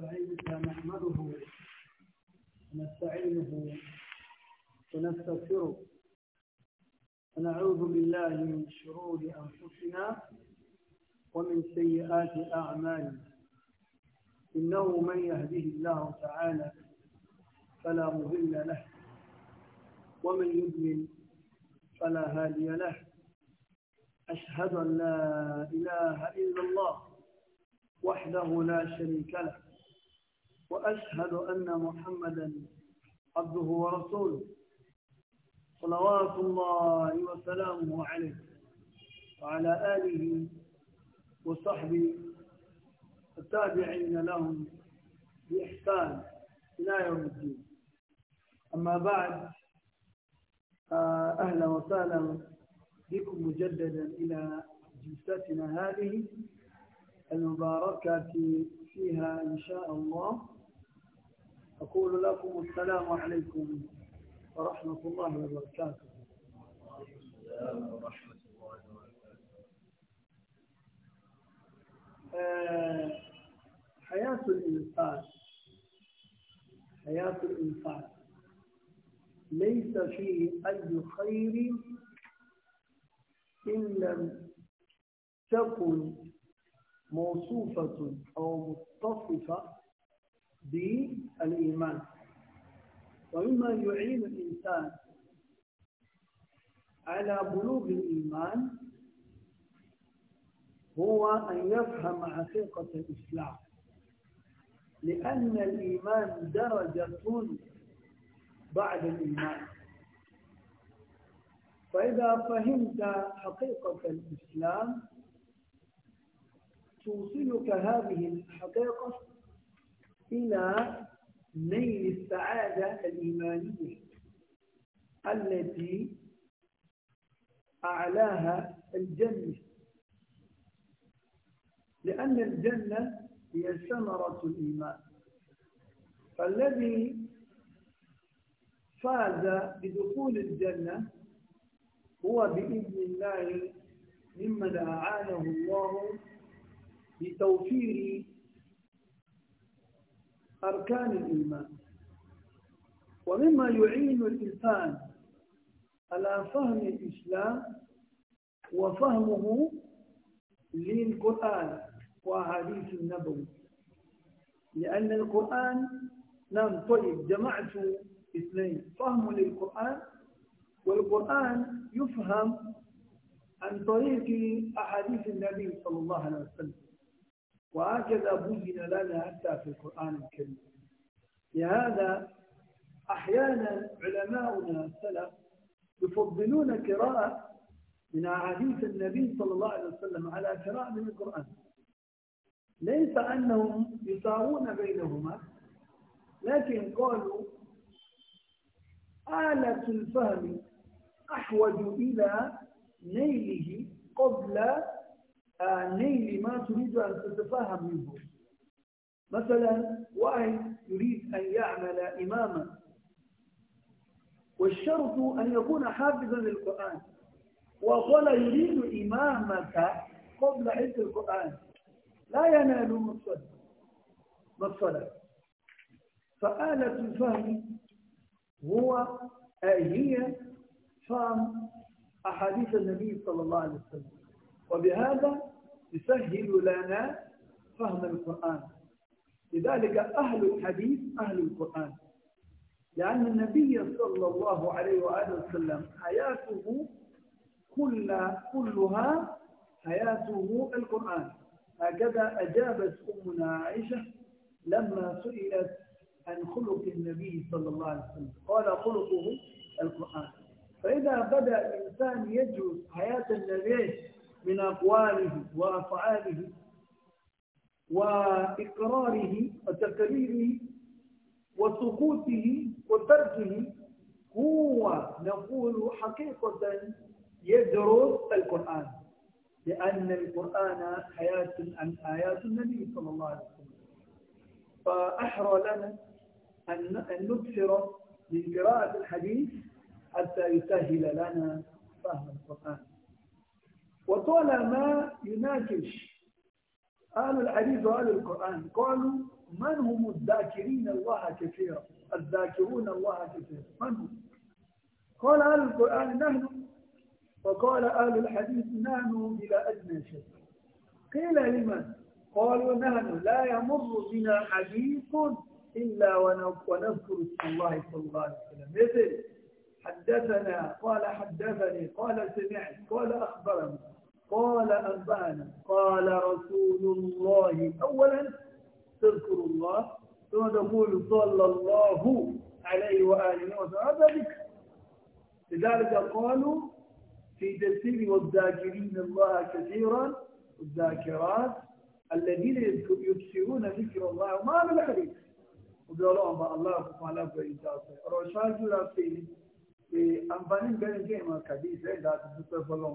نستعينك نحمده ونستعينه ونستغفره ونعوذ بالله من شرور أنفسنا ومن سيئات أعمالنا إنه من يهده الله تعالى فلا مضل له ومن يضلل فلا هادي له أشهد أن لا إله إلا الله وحده لا شريك له وأشهد أن محمدا عبده ورسوله صلوات الله وسلامه عليه وعلى آله وصحبه التابعين لهم بإحسان إلى يوم الدين أما بعد آه، أهلا وسهلا بكم مجددا إلى جلستنا هذه المباركة فيها إن شاء الله أقول لكم السلام عليكم ورحمة الله وبركاته آه، حياة الإنسان حياة الإنسان ليس فيه أي خير إن لم تكن موصوفة أو متصفة بالإيمان ومما يعين الإنسان على بلوغ الإيمان هو أن يفهم حقيقة الإسلام لأن الإيمان درجة بعد الإيمان فإذا فهمت حقيقة الإسلام توصلك هذه الحقيقة إلى نيل السعادة الإيمانية التي أعلاها الجنة لأن الجنة هي ثمرة الإيمان فالذي فاز بدخول الجنة هو بإذن الله ممن أعانه الله بتوفير أركان الإيمان ومما يعين الإنسان على فهم الإسلام وفهمه للقرآن وأحاديث النبوي لأن القرآن نعم طيب جمعت اثنين فهم للقرآن والقرآن يفهم عن طريق أحاديث النبي صلى الله عليه وسلم وهكذا بين لنا حتى في القرآن الكريم لهذا أحيانا علماؤنا السلف يفضلون قراءة من أحاديث النبي صلى الله عليه وسلم على قراءة من القرآن ليس أنهم يساوون بينهما لكن قالوا آلة الفهم أحوج إلى نيله قبل نيل ما تريد أن تتفهم منه مثلا واحد يريد أن يعمل إماما والشرط أن يكون حافظا للقرآن وقال يريد إمامك قبل حفظ القرآن لا ينال مصدر مصدر فآلة الفهم هو هي فهم أحاديث النبي صلى الله عليه وسلم وبهذا يسهل لنا فهم القرآن لذلك أهل الحديث أهل القرآن لأن النبي صلى الله عليه وآله وسلم حياته كل كلها حياته القرآن هكذا أجابت أمنا عائشة لما سئلت عن خلق النبي صلى الله عليه وسلم قال خلقه القرآن فإذا بدأ الإنسان يدرس حياة النبي من أقواله وأفعاله وإقراره وتكريره وسكوته وتركه هو نقول حقيقة يدرس القرآن لأن القرآن حياة عن آيات النبي صلى الله عليه وسلم فأحرى لنا أن نكثر من قراءة الحديث حتى يسهل لنا فهم القرآن وطالما يناقش أهل الحديث وأهل القرآن قالوا من هم الذاكرين الله كثيرا الذاكرون الله كثيرا من هم قال أهل القرآن نحن وقال أهل الحديث نحن بلا أدنى شيء قيل لمن قالوا نحن لا يمر بنا حديث إلا ونذكر اسم الله صلى الله عليه وسلم مثل حدثنا قال حدثني قال سمعت قال أخبرني قال أنبأنا قال رسول الله أولا تذكر الله ثم تقول صلى الله عليه وآله وسلم هذا ذكر لذلك قالوا في تفسير والذاكرين الله كثيرا والذاكرات الذين يكثرون ذكر الله ما من الحديث وقال الله الله سبحانه وتعالى رشاد رسول في أنبانين بين جيمة كبيرة لا تتفلون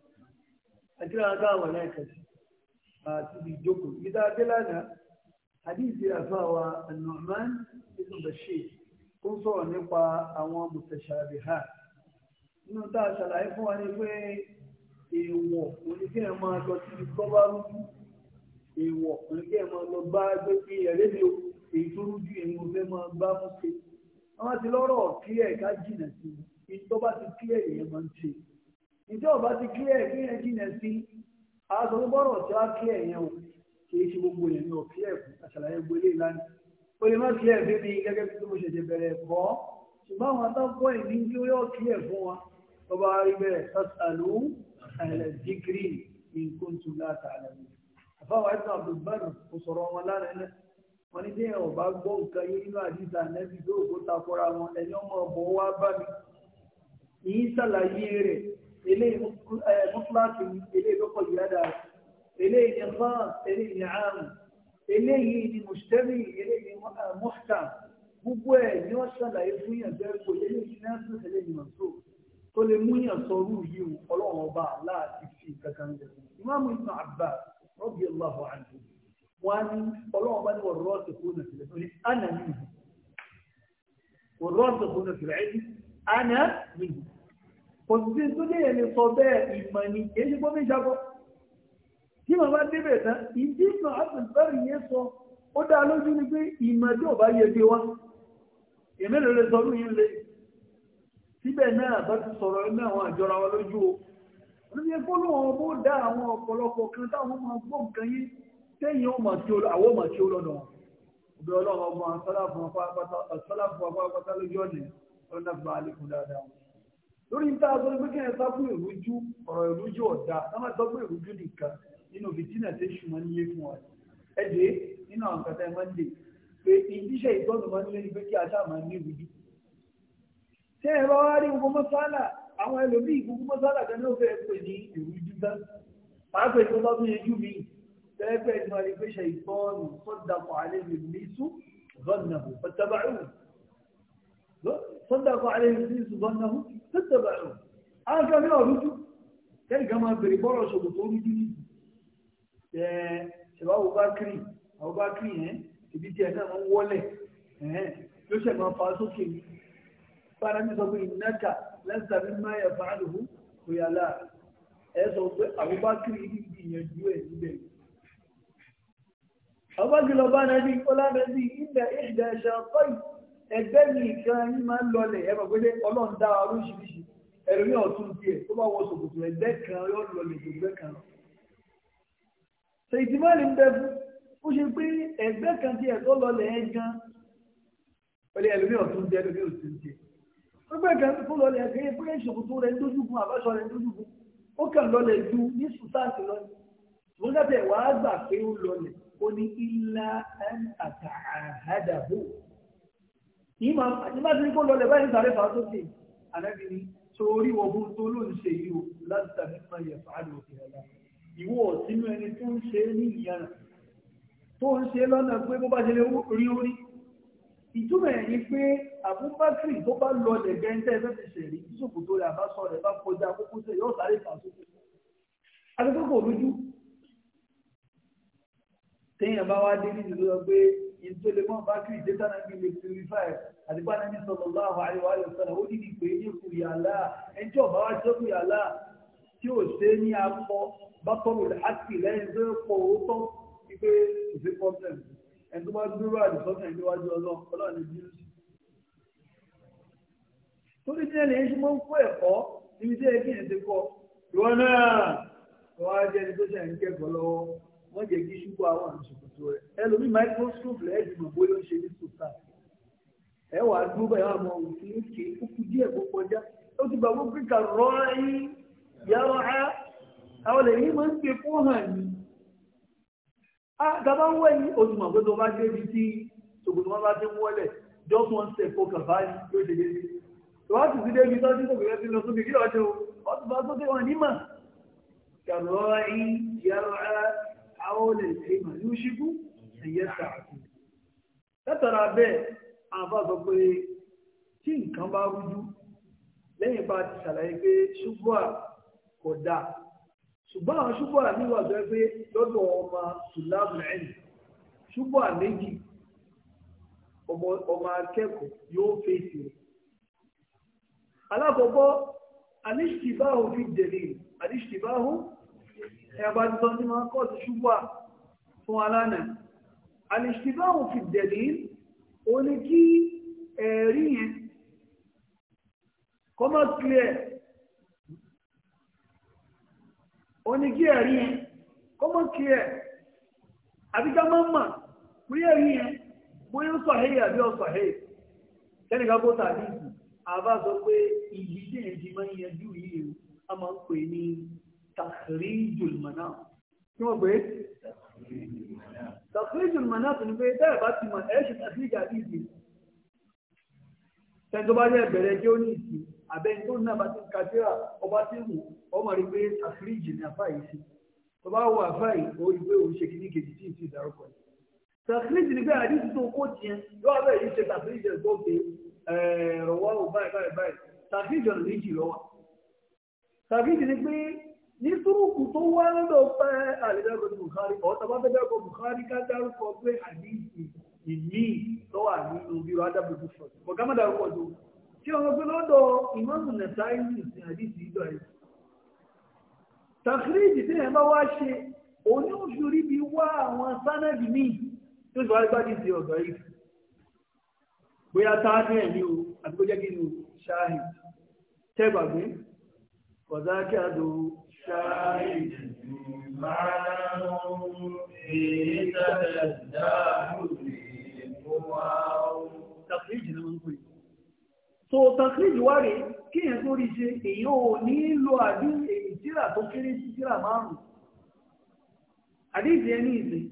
àdúrà gáwà lẹ́ẹ̀kẹsì àti ìjókòó ìdá adélànà àdíjì àfáwà Nu'man ibn Bashir tó ń sọ̀rọ̀ nípa àwọn mutashabihat nínú tá a ṣàlàyé fún wa ni pé èèwọ̀ oníkẹ́ máa lọ síbi tó bá rújú èèwọ̀ oníkẹ́ máa lọ bá gbé pé ẹ̀rẹ́ mi ò èyí tó rújú èyí mo fẹ́ máa bá mú ṣe àwọn ti lọ́rọ̀ kílẹ̀ ká jìnà sí i tó bá ti kílẹ̀ èèyàn máa ń ṣe ìjọ ọba ti clear kí yẹn jìnà sí aṣọ tó bọ́rọ̀ tí wàá clear yẹn o kì í ṣe gbogbo yẹn ní ọ̀kí ẹ̀kú àṣàlàyé gbélé lánàá o lè má clear bébí gẹ́gẹ́ bí mo ṣẹ̀ṣẹ̀ bẹ̀rẹ̀ ẹ̀kọ́ ṣùgbọ́n àwọn atákọ́ ìní ní ó yọ clear fún wa ọba rí bẹ́ẹ̀ sàṣàlù àìlẹ̀ dìgírì nǹkan tún láta àlẹ́ mi àfáwọn ẹ̀sán àbùbánu ní déyàn ọba gbọ́ nǹkan rẹ̀ eléyìí mọ́tíláàkì ni eléyìí ló pọ̀ ìyá dáa eléyìí ni khan eléyìí ni àrùn eléyìí ni mùsùlùmí eléyìí ni mọ́tíkà gbogbo ẹ̀ ni wọ́n ṣàlàyé fún yàn bẹ́ẹ̀ kò eléyìí náà tún eléyìí náà tó tó lè mú yàn sọrú yìí ọlọ́run ọba láti fi kankan jẹ ìmáàmù Ibn Abbas radiyallahu anhu wọn á ní ọlọ́run ọba ní wọ̀rọ̀ ọ̀sẹ̀ kó nà sílẹ̀ mi wọ̀rọ̀ ọ̀sẹ̀ kó nà sílẹ̀ ẹ̀yìn ànà mi kò sí tó lè lè sọ bẹ́ẹ̀ ìmọ̀ ni èyí gbọ́ mi jábọ́ tí màá bá débẹ̀ tán ìdí ìmọ̀ àtúntàrí yẹn sọ ó dá lójú ni pé ìmọ̀ tí ò bá yẹ ti wá èmi lè lè sọ lóyún yín lè síbẹ̀ náà bá ti sọ̀rọ̀ ní àwọn àjọra wa lójú o wọ́n yẹ kó lóun ọmọ dá àwọn ọ̀pọ̀lọpọ̀ kan táwọn máa gbọ́ nǹkan yín tẹ́yìn àwọn ọmọ tí ó lọ́dọ̀ wọn ọbẹ̀ ọlọ́run ọmọ asọ́láfún apá apá lójú ọ̀nà ọ̀nà gba àlékún dáadáa wọn lórí níta sọ pé kí ẹ sá fún ìrújú ọ̀rọ̀ ìrújú ọ̀dà ká má sọ pé ìrújú nìkan nínú fìtínà tẹ ṣùmọ́ nílé fún wa ẹ dé nínú àwọn kàtà ẹ máa ń dè pé ìdíṣẹ́ ìtọ́nù máa ń lé ní pé kí aṣá máa ní ìrújú. ṣé ẹ bá wá rí gbogbo mọ́sálà àwọn ẹlòmíì gbogbo mọ́sálà kan náà fẹ́ẹ́ pè ní ìrújú dá pàápàá tó tètè bẹ̀rù àwọn kan ní ọ̀rújú kẹ́rì kan máa bèrè bọ́ọ̀rọ̀ ṣòkò tó rújú ní ẹ ṣẹ̀wá wo bá kiri àwọn bá kiri yẹn ibi tí ẹ náà máa ń wọlé ló ṣẹ̀ ní fara mi sọ pé ìnáka lẹ́sà mi ẹgbẹ́ mi ìkan yín máa ń lọlẹ̀ ẹ mọ̀ pé ọlọ́run dá wa lóríṣiríṣi ẹ̀rọ ní ọ̀tún díẹ̀ tó bá wọ ṣòkòtò ẹgbẹ́ kan yóò lọlẹ̀ tó gbẹ́ kan lọ. ṣèjìmọ́ ni ń bẹ fún ó ṣe pé ẹgbẹ́ kan tí ẹ̀tọ́ lọlẹ̀ ẹ gan pẹ̀lú ẹlòmí ọ̀tún díẹ̀ ẹlòmí òtún díẹ̀ ẹgbẹ́ kan tó lọlẹ̀ ẹgbẹ́ yẹn pé ṣòkòtò rẹ̀ dójúgun àbáṣọ rẹ̀ dójúgun ó kàn ìmọ̀ àtibá ti ní kó lọlẹ̀ báyìí sáré fà sókè àrẹ́bí ni torí ogun tó ló ń ṣe yìí o láti tàbí fún ẹyẹ fàálù òkè ọ̀la ìwọ sínú ẹni tó ń ṣe ní ìyára tó ń ṣe lọ́nà pé bó bá ṣe lè rí ẹ̀ ni pé àbúbákìrì tó bá lọlẹ̀ gẹ́ńtẹ́ ẹgbẹ́ ti ṣẹ̀rí tí sòkòtò rẹ̀ àbá rẹ̀ bá kọjá àkókò yóò sáré fà sókè àti téèyàn bá wá dé níbi lọ pé ìtòlè mọ́ bákìrì dẹ́tà náà bí lè purify àdìgbà náà ní sallallahu alaihi wa sallam ó dìdí pé ní kùyàlá ẹjọ́ bá wá jẹ́ kùyàlá tí ò ṣe ní akọ bátọ́rù láti lẹ́yìn tó pọ̀ òótọ́ wípé kò sí problem ẹni tó bá gbúrò àdìsọ́nà ìléwájú ọlọ́run ní bíi torí tí ẹlẹ́yìn ṣe máa ń kó ẹ̀kọ́ níbi tí ẹ wọ́n jẹ́ kí ṣubú àwọn àṣòkòtò rẹ̀ ẹlòmí microscope rẹ̀ ẹ̀dùn mọ̀ bóyá ó ṣe ní sùtà ẹ wà á dúró báyìí wà á mọ òkè òkè ó kú díẹ̀ kó kọjá ó ti gbàgbọ́ pé kà rọ́ọ̀rá yín yàrá á àwọn lè yín máa ń ṣe fún hàn ní. a gàbá ń wẹ̀yìn olùmọ̀ pé tó bá dé ibi tí tòkòtò wọn bá ti ń wọlẹ̀ just one step for kàbáyé yóò ṣe déédéé tó bá tún ti dé ibi tó ti tòkòtò ti lọ sókè kí lọ́ọ́ ṣe o ọ àwọlẹ̀ ìfẹ́mà ní ṣíkú ẹ̀yẹ sàákù látara bẹ́ẹ̀ àbá sọ pé tí nǹkan bá rújú lẹ́yìn bá ti ṣàlàyé pé ṣùgbọ́n kò dáa ṣùgbọ́n àwọn ṣùgbọ́n àníwà sọ pé lọ́dọ̀ ọmọ sùlámùlẹ́yìn ṣùgbọ́n àméjì ọmọ akẹ́kọ̀ọ́ yóò fèsì rẹ̀ alákọ̀ọ́kọ́ alíṣtìbáhùn fi dẹ̀lẹ̀ alíṣtìbáhùn ẹ̀bá ti sọ tí máa kọ́ ti ṣúgbà fún alánà alìṣìbáhùn fi dẹ̀lì ó ní kí ẹ̀rí yẹn kọ́ máa clear ó ní kí ẹ̀rí yẹn kọ́ máa clear àbíká máa mà pé ẹ̀rí yẹn bóyá ó sọ̀hẹ́ àbí ọ̀sọ̀hẹ́ tẹ́nìkan bó tàbí àbá sọ pé ìyí dèjì máa ń yanjú yìí a máa ń pè ní tàkìríjùl mọ̀nà kí wọ́n pé tàkìríjùl mọ̀nà tó ní pé tẹ́rẹ̀ bá ti mọ̀ ẹ̀ ṣe tàkìríjà ìdí tẹ́ntọ́ bá yẹ bẹ̀rẹ̀ jẹ́ òní ìsì abẹ́ tó náà bá ti ń kàdíra ọba tí mú ọmọ rí pé tàkìríjì ní afá yìí sí tó bá wọ afá yìí ó rí pé òun ṣe kìíní kejì tí ìsì ìdárúkọ yìí tàkìríjì ní pé àdìsí tó kó tiẹ̀ yóò abẹ́ yìí ṣe tàkìríjì tó gbé ẹ̀rọ pé ní túrùkù tó wá lọ́dọ̀ pẹ́ àlẹ́dẹ́gbẹ́ Bukhari ọ̀tọ̀ bá fẹ́ dẹ́gbẹ́ Bukhari ká dárúkọ pé àdìsí ìmí tó wà nínú bírò adábòjú sọ̀tì bọ̀gá má dárúkọ jù tí ọmọ gbé lọ́dọ̀ ìmọ̀mù nẹ̀ta ìlú sí àdìsí ìdọ̀ ẹ̀ tàkìrìjì tí ẹ̀ bá wá ṣe òní oṣù rí bí wá àwọn sánẹ́dì míì tó sì wá gbádìí sí ọ̀dọ̀ yìí bóyá táánú ẹ̀ ní o شاهد معنى في تتداه تخريج لمن كل so tàkìrìjì wá rèé kí èèyàn tó rí ṣe èyí ò ní lo àbí èyí tíra tó kéré sí tíra márùn-ún àdéhìí ẹni ìsìn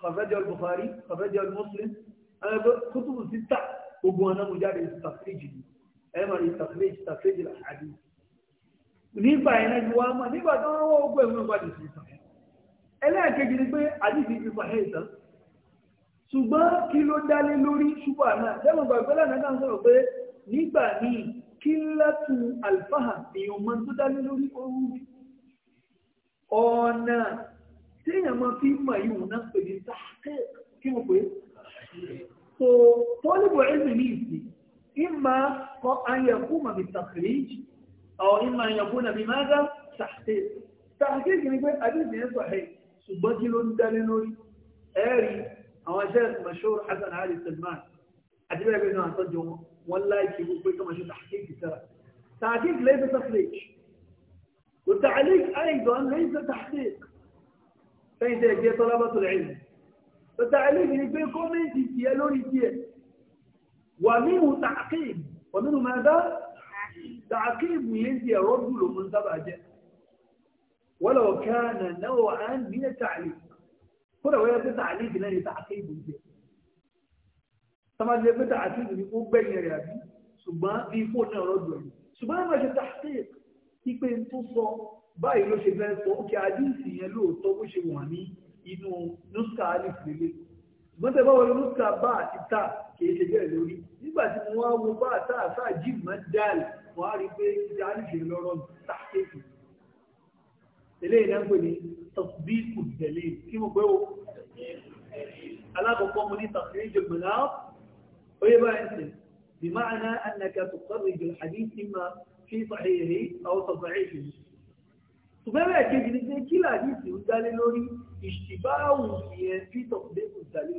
kọfẹ́jọ́ Bukhari kọfẹ́jọ́ Muslim ẹgbẹ́ kútùbù síta ogun ọ̀nà mú nígbà ẹ̀rẹ́ ni wọ́n mọ̀ nígbà tó wọ́n wọ́n gbọ́ ìwọ̀n ìwádìí sí ìtàn ẹlẹ́ẹ̀kejì ni pé àdìsí ti fà ẹ̀ ìtàn ṣùgbọ́n kí ló dálé lórí ṣubú àná lẹ́mọ̀ gbàgbé lánàá náà sọ̀rọ̀ pé nígbà míì kí látù àlùfáà èèyàn mọ tó dálé lórí ooru ọ̀nà téèyàn mọ fi mọ̀ ìwọ̀n náà pè ní sáàkẹ́ kí mo pè é so tọ́lùbù ẹ̀sìn ní ìsìn ìmọ̀ ayẹ̀kú أو إما أن يكون بماذا تحقيق تحقيق نقول أبيض من صحيح سبجل دلنوري آري أو شيخ مشهور حسن علي سلمان أجل نعم يقول أنه أصدقه والله يكيبوا لك ما شو تحقيق ترى تحقيق ليس تخريج والتعليق أيضا ليس تحقيق فإنت يجي طلبة العلم فالتعليق يقول يعني كومنتي تيالوري تيال ومنه تعقيب ومنه ماذا؟ tààkìbù yẹn ti ẹ̀rọ dùn ló mú sábà jẹ́ wọ́lọ̀ ọ̀kẹ́ nàná ọ̀ à ń bí tààlì kódà wọ́n yẹ pé tààlì ìdí náà ni tààkìbù jẹ́ sọ́mọ́dé pé tààkìbù ni ó gbẹ̀yìn rẹ̀ àbí ṣùgbọ́n bí fóònù náà rọ́dùn ẹ̀yìn ṣùgbọ́n ẹ̀ma ṣe tààkìbù ipe tó sọ báyìí ló ṣe fẹ́ sọ ókè àdíǹsì yẹn lóòótọ́ bó ṣe wà ní inú nuska alif lélẹ̀ ṣùgbọ́n tẹ́ bá wọlé nuska bá àti tà kìí ṣe bẹ́ẹ̀ lórí nígbà tí mo wá wo bá àtà àfà jim máa ń dáàlì wọ́n á rí pé ìdí àlìṣe lọ́rọ̀ tàkéèkì eléyìí náà ń pè ní tọ̀síbíkù tẹ̀lé kí mo pé o alákọ̀ọ́kọ́ mo ní tọ̀síbíkù tẹ̀lé ó báyìí sí بمعنى أنك تخرج الحديث إما في صحيحه أو تصحيحه tùbẹ́rẹ̀ kejì ní pé kí làdíìsì ń dálé lórí ìṣìbáwù ìyẹn peter david dalí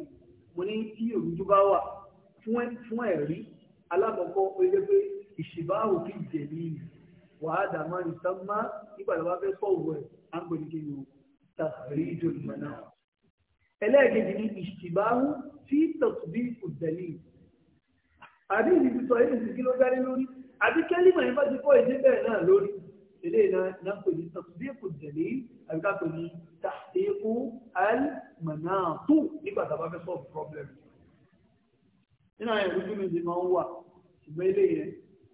mo ní tí òrùjú bá wà fún ẹ̀rí alákọ̀ọ́kọ́ ó pé ìṣìbáwò kí jẹ̀lì wàhádà máa ń sá má nígbà tó bá fẹ́ sọ̀wọ́ ẹ̀ á ń pè ní kí ni o tàbí ìjọba náà. ẹlẹ́ẹ̀kejì ni ìṣìbáwò tí tọ̀tùbí kò jẹ̀lì. àbí ìdìbò sọ yìí nìsí kí ló dárí lórí àbí kẹ́límà yẹn bá ti kọ́ èdè bẹ́ẹ̀ náà lórí. ilé náà pè ní tọ̀tùbí kò jẹ̀lì àbí ká pè ní tàbíkù al-manatu nígbà tó bá fẹ́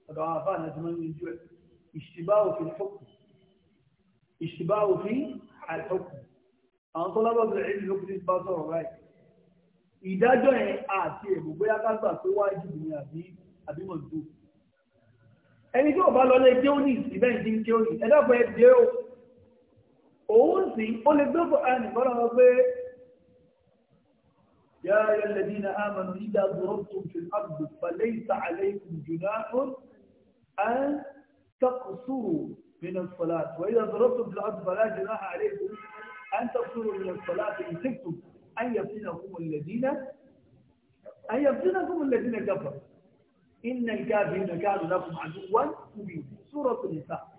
ọ̀dọ̀ àwọn àbá àti mọ́ ní ojú ẹ̀ ìṣìbáwò fi hukm ìṣìbáwò fi al-hukm àwọn tó lábọ̀ bẹ̀rẹ̀ ìlú ló kúrò bá sọ̀rọ̀ ráì ìdájọ́ yẹn àti ẹ̀bù bóyá ká gbà pé wájú ni àbí àbímọ̀dù ẹni tí ò bá lọ lé géónì ìbẹ́ ìdí géónì ẹ̀dọ́gbẹ́ dé o òun sì ó lè gbé fún ẹnì kan lọ́wọ́ pé يا أيها الذين آمنوا إذا ضربتم في الأرض فليس عليكم جناح أن تقصروا من الصلاة وإذا ضربتم في الأرض فلا جناح عليكم أن تقصروا من الصلاة إن خفتم أن يفتنكم الذين أن يفتنكم الذين كفروا إن الكافرين كانوا لكم عدوا مبينا سورة النساء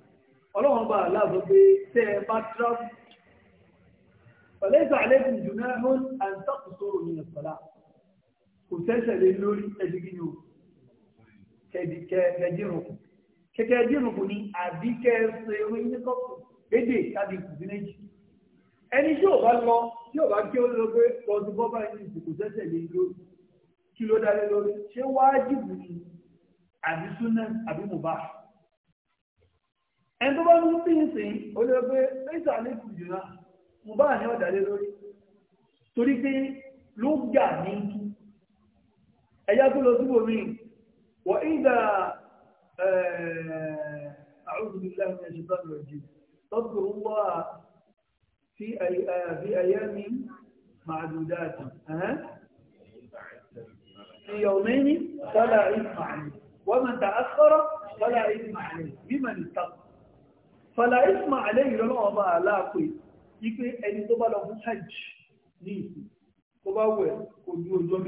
ọlọ́run bá لا pé tẹ́ ẹ bá tíráàbù pẹ̀lẹ́sà àlékún jùlọ ẹ̀hún àǹtàkù sọ̀rọ̀ ní ẹ̀sọ̀lá kò tẹ́sẹ̀ kẹ̀kẹ́ jírùkù ni àbí kẹsẹ̀ orí níkọ̀kù lédè tàbí ẹni tí ò bá lọ tí ò bá kí ó lọ pé ọdún bọ́bá ẹni ìsìnkú sẹ́sẹ̀ lè lórí kí ló dá lé lórí ṣé ni àbí súnà àbí mùbá ẹni tó bá ń bí ó pé náà mùbá ni lé أعوذ بالله من الشيطان الرجيم تذكروا الله في أي في أيام معدودات أه؟ في يومين فلا إثم عليه ومن تأخر فلا إثم عليه بمن اتقى فلا إثم عليه لأنه ما لا قوي يكفي أن تبقى له حج نيسي tó bá wẹ̀ kò ju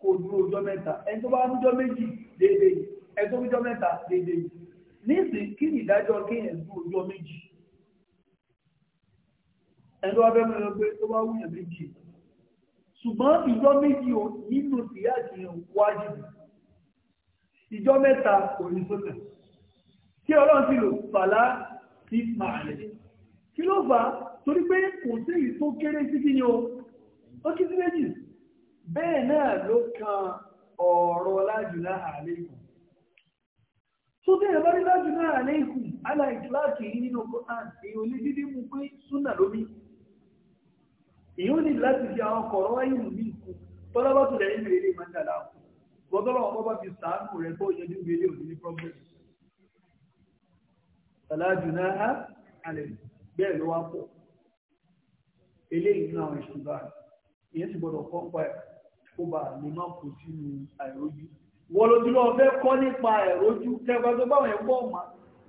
kò dúró ọjọ́ mẹ́ta ẹni tó bá ń jọ méjì déédéé ẹni tó ń jọ mẹ́ta déédéé níìsín kí ni ìdájọ́ kéèyàn dúró ọjọ́ méjì ẹni tó bá fẹ́ mọ̀ pé tó bá wúyàn méjì ṣùgbọ́n ìjọ méjì ò nínú ìyá ìjìyàn wájú ìjọ mẹ́ta kò ní sọ́nà kí ọlọ́run sì lò fàlá sí màálẹ̀ kí ló fà á torí pé kò sí èyí tó kéré sí kí ni o ó kí sí méjì bẹ́ẹ̀ náà ló kan ọ̀rọ̀ lájùlá àlékù tó bẹ́ẹ̀ bá rí lájùlá àlékù aláìsíláàkì nínú Quran èyí ò lè dídí mú pé súnà lómi èyí ò ní láti fi àwọn kọ̀rọ̀ ní ìkú lẹ́yìn gbọ́dọ́lọ́ ọkọ̀ bá fi sàánù rẹ̀ òní ní bẹ́ẹ̀ ló wá pọ̀ eléyìí náà ìyẹn gbọ́dọ̀ kó bá lè má kó sínú àìrójú wọ́n lójú lọ́wọ́ fẹ́ kọ́ nípa àìrójú kẹfà tó báwọn ẹ̀kọ́ ọ̀ma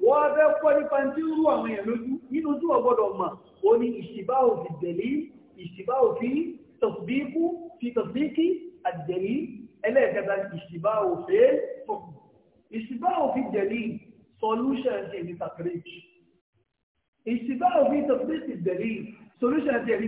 wọ́n fẹ́ kọ́ nípa tí ń rú àwọn èèyàn lójú nínú tí wọ́n gbọ́dọ̀ mọ̀ ó ní ìṣìbá òfin tẹ̀lé ìṣìbá òfin tọ̀síbíkú fi tọ̀síbíkí àjẹ̀lí ẹlẹ́ẹ̀kẹta ìṣìbá òfin tọ̀kù ìṣìbá òfin tẹ̀lé solution ṣe ní sacrilege ìṣìbá òfin tọ̀síbíkí tẹ̀lé solution ṣe ní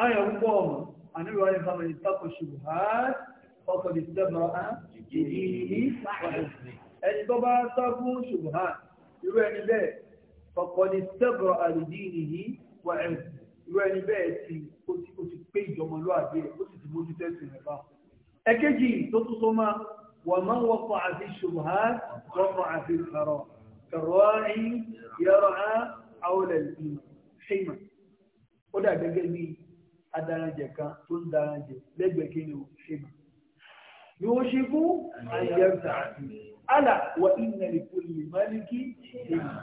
ayọ̀ púpọ̀ ọmọ àníwọ̀ ayọ̀ bá mẹ́rin tako ṣùgbọ́n ọkọ̀ lè tẹ́bọ̀ á ìdí ẹni tó bá tako ṣùgbọ́n irú ẹni bẹ́ẹ̀ ọkọ̀ lè tẹ́bọ̀ àdìdí ìyí wà ẹ̀ irú ẹni bẹ́ẹ̀ ti ó ti pé ìjọmọlúwàbí ẹ̀ ó sì ti mójú tẹ́sí rẹ̀ bá. ẹ̀kejì tó tún so máa wà máa ń wọ́pọ̀ àti ṣùgbọ́n wọ́pọ̀ àti ìfarọ̀ kẹrọ̀ọ́rin yẹrọ̀ á àwọn ẹ̀lẹ́gbẹ̀ẹ́ adaranjẹ kan tó ń daranjẹ lẹ́gbẹ̀ẹ́ kí ni o ṣe mọ̀. yóò ṣe kú àyẹ̀wò àlà wà ìnà ìkúlì mọ́lìkì ìmọ̀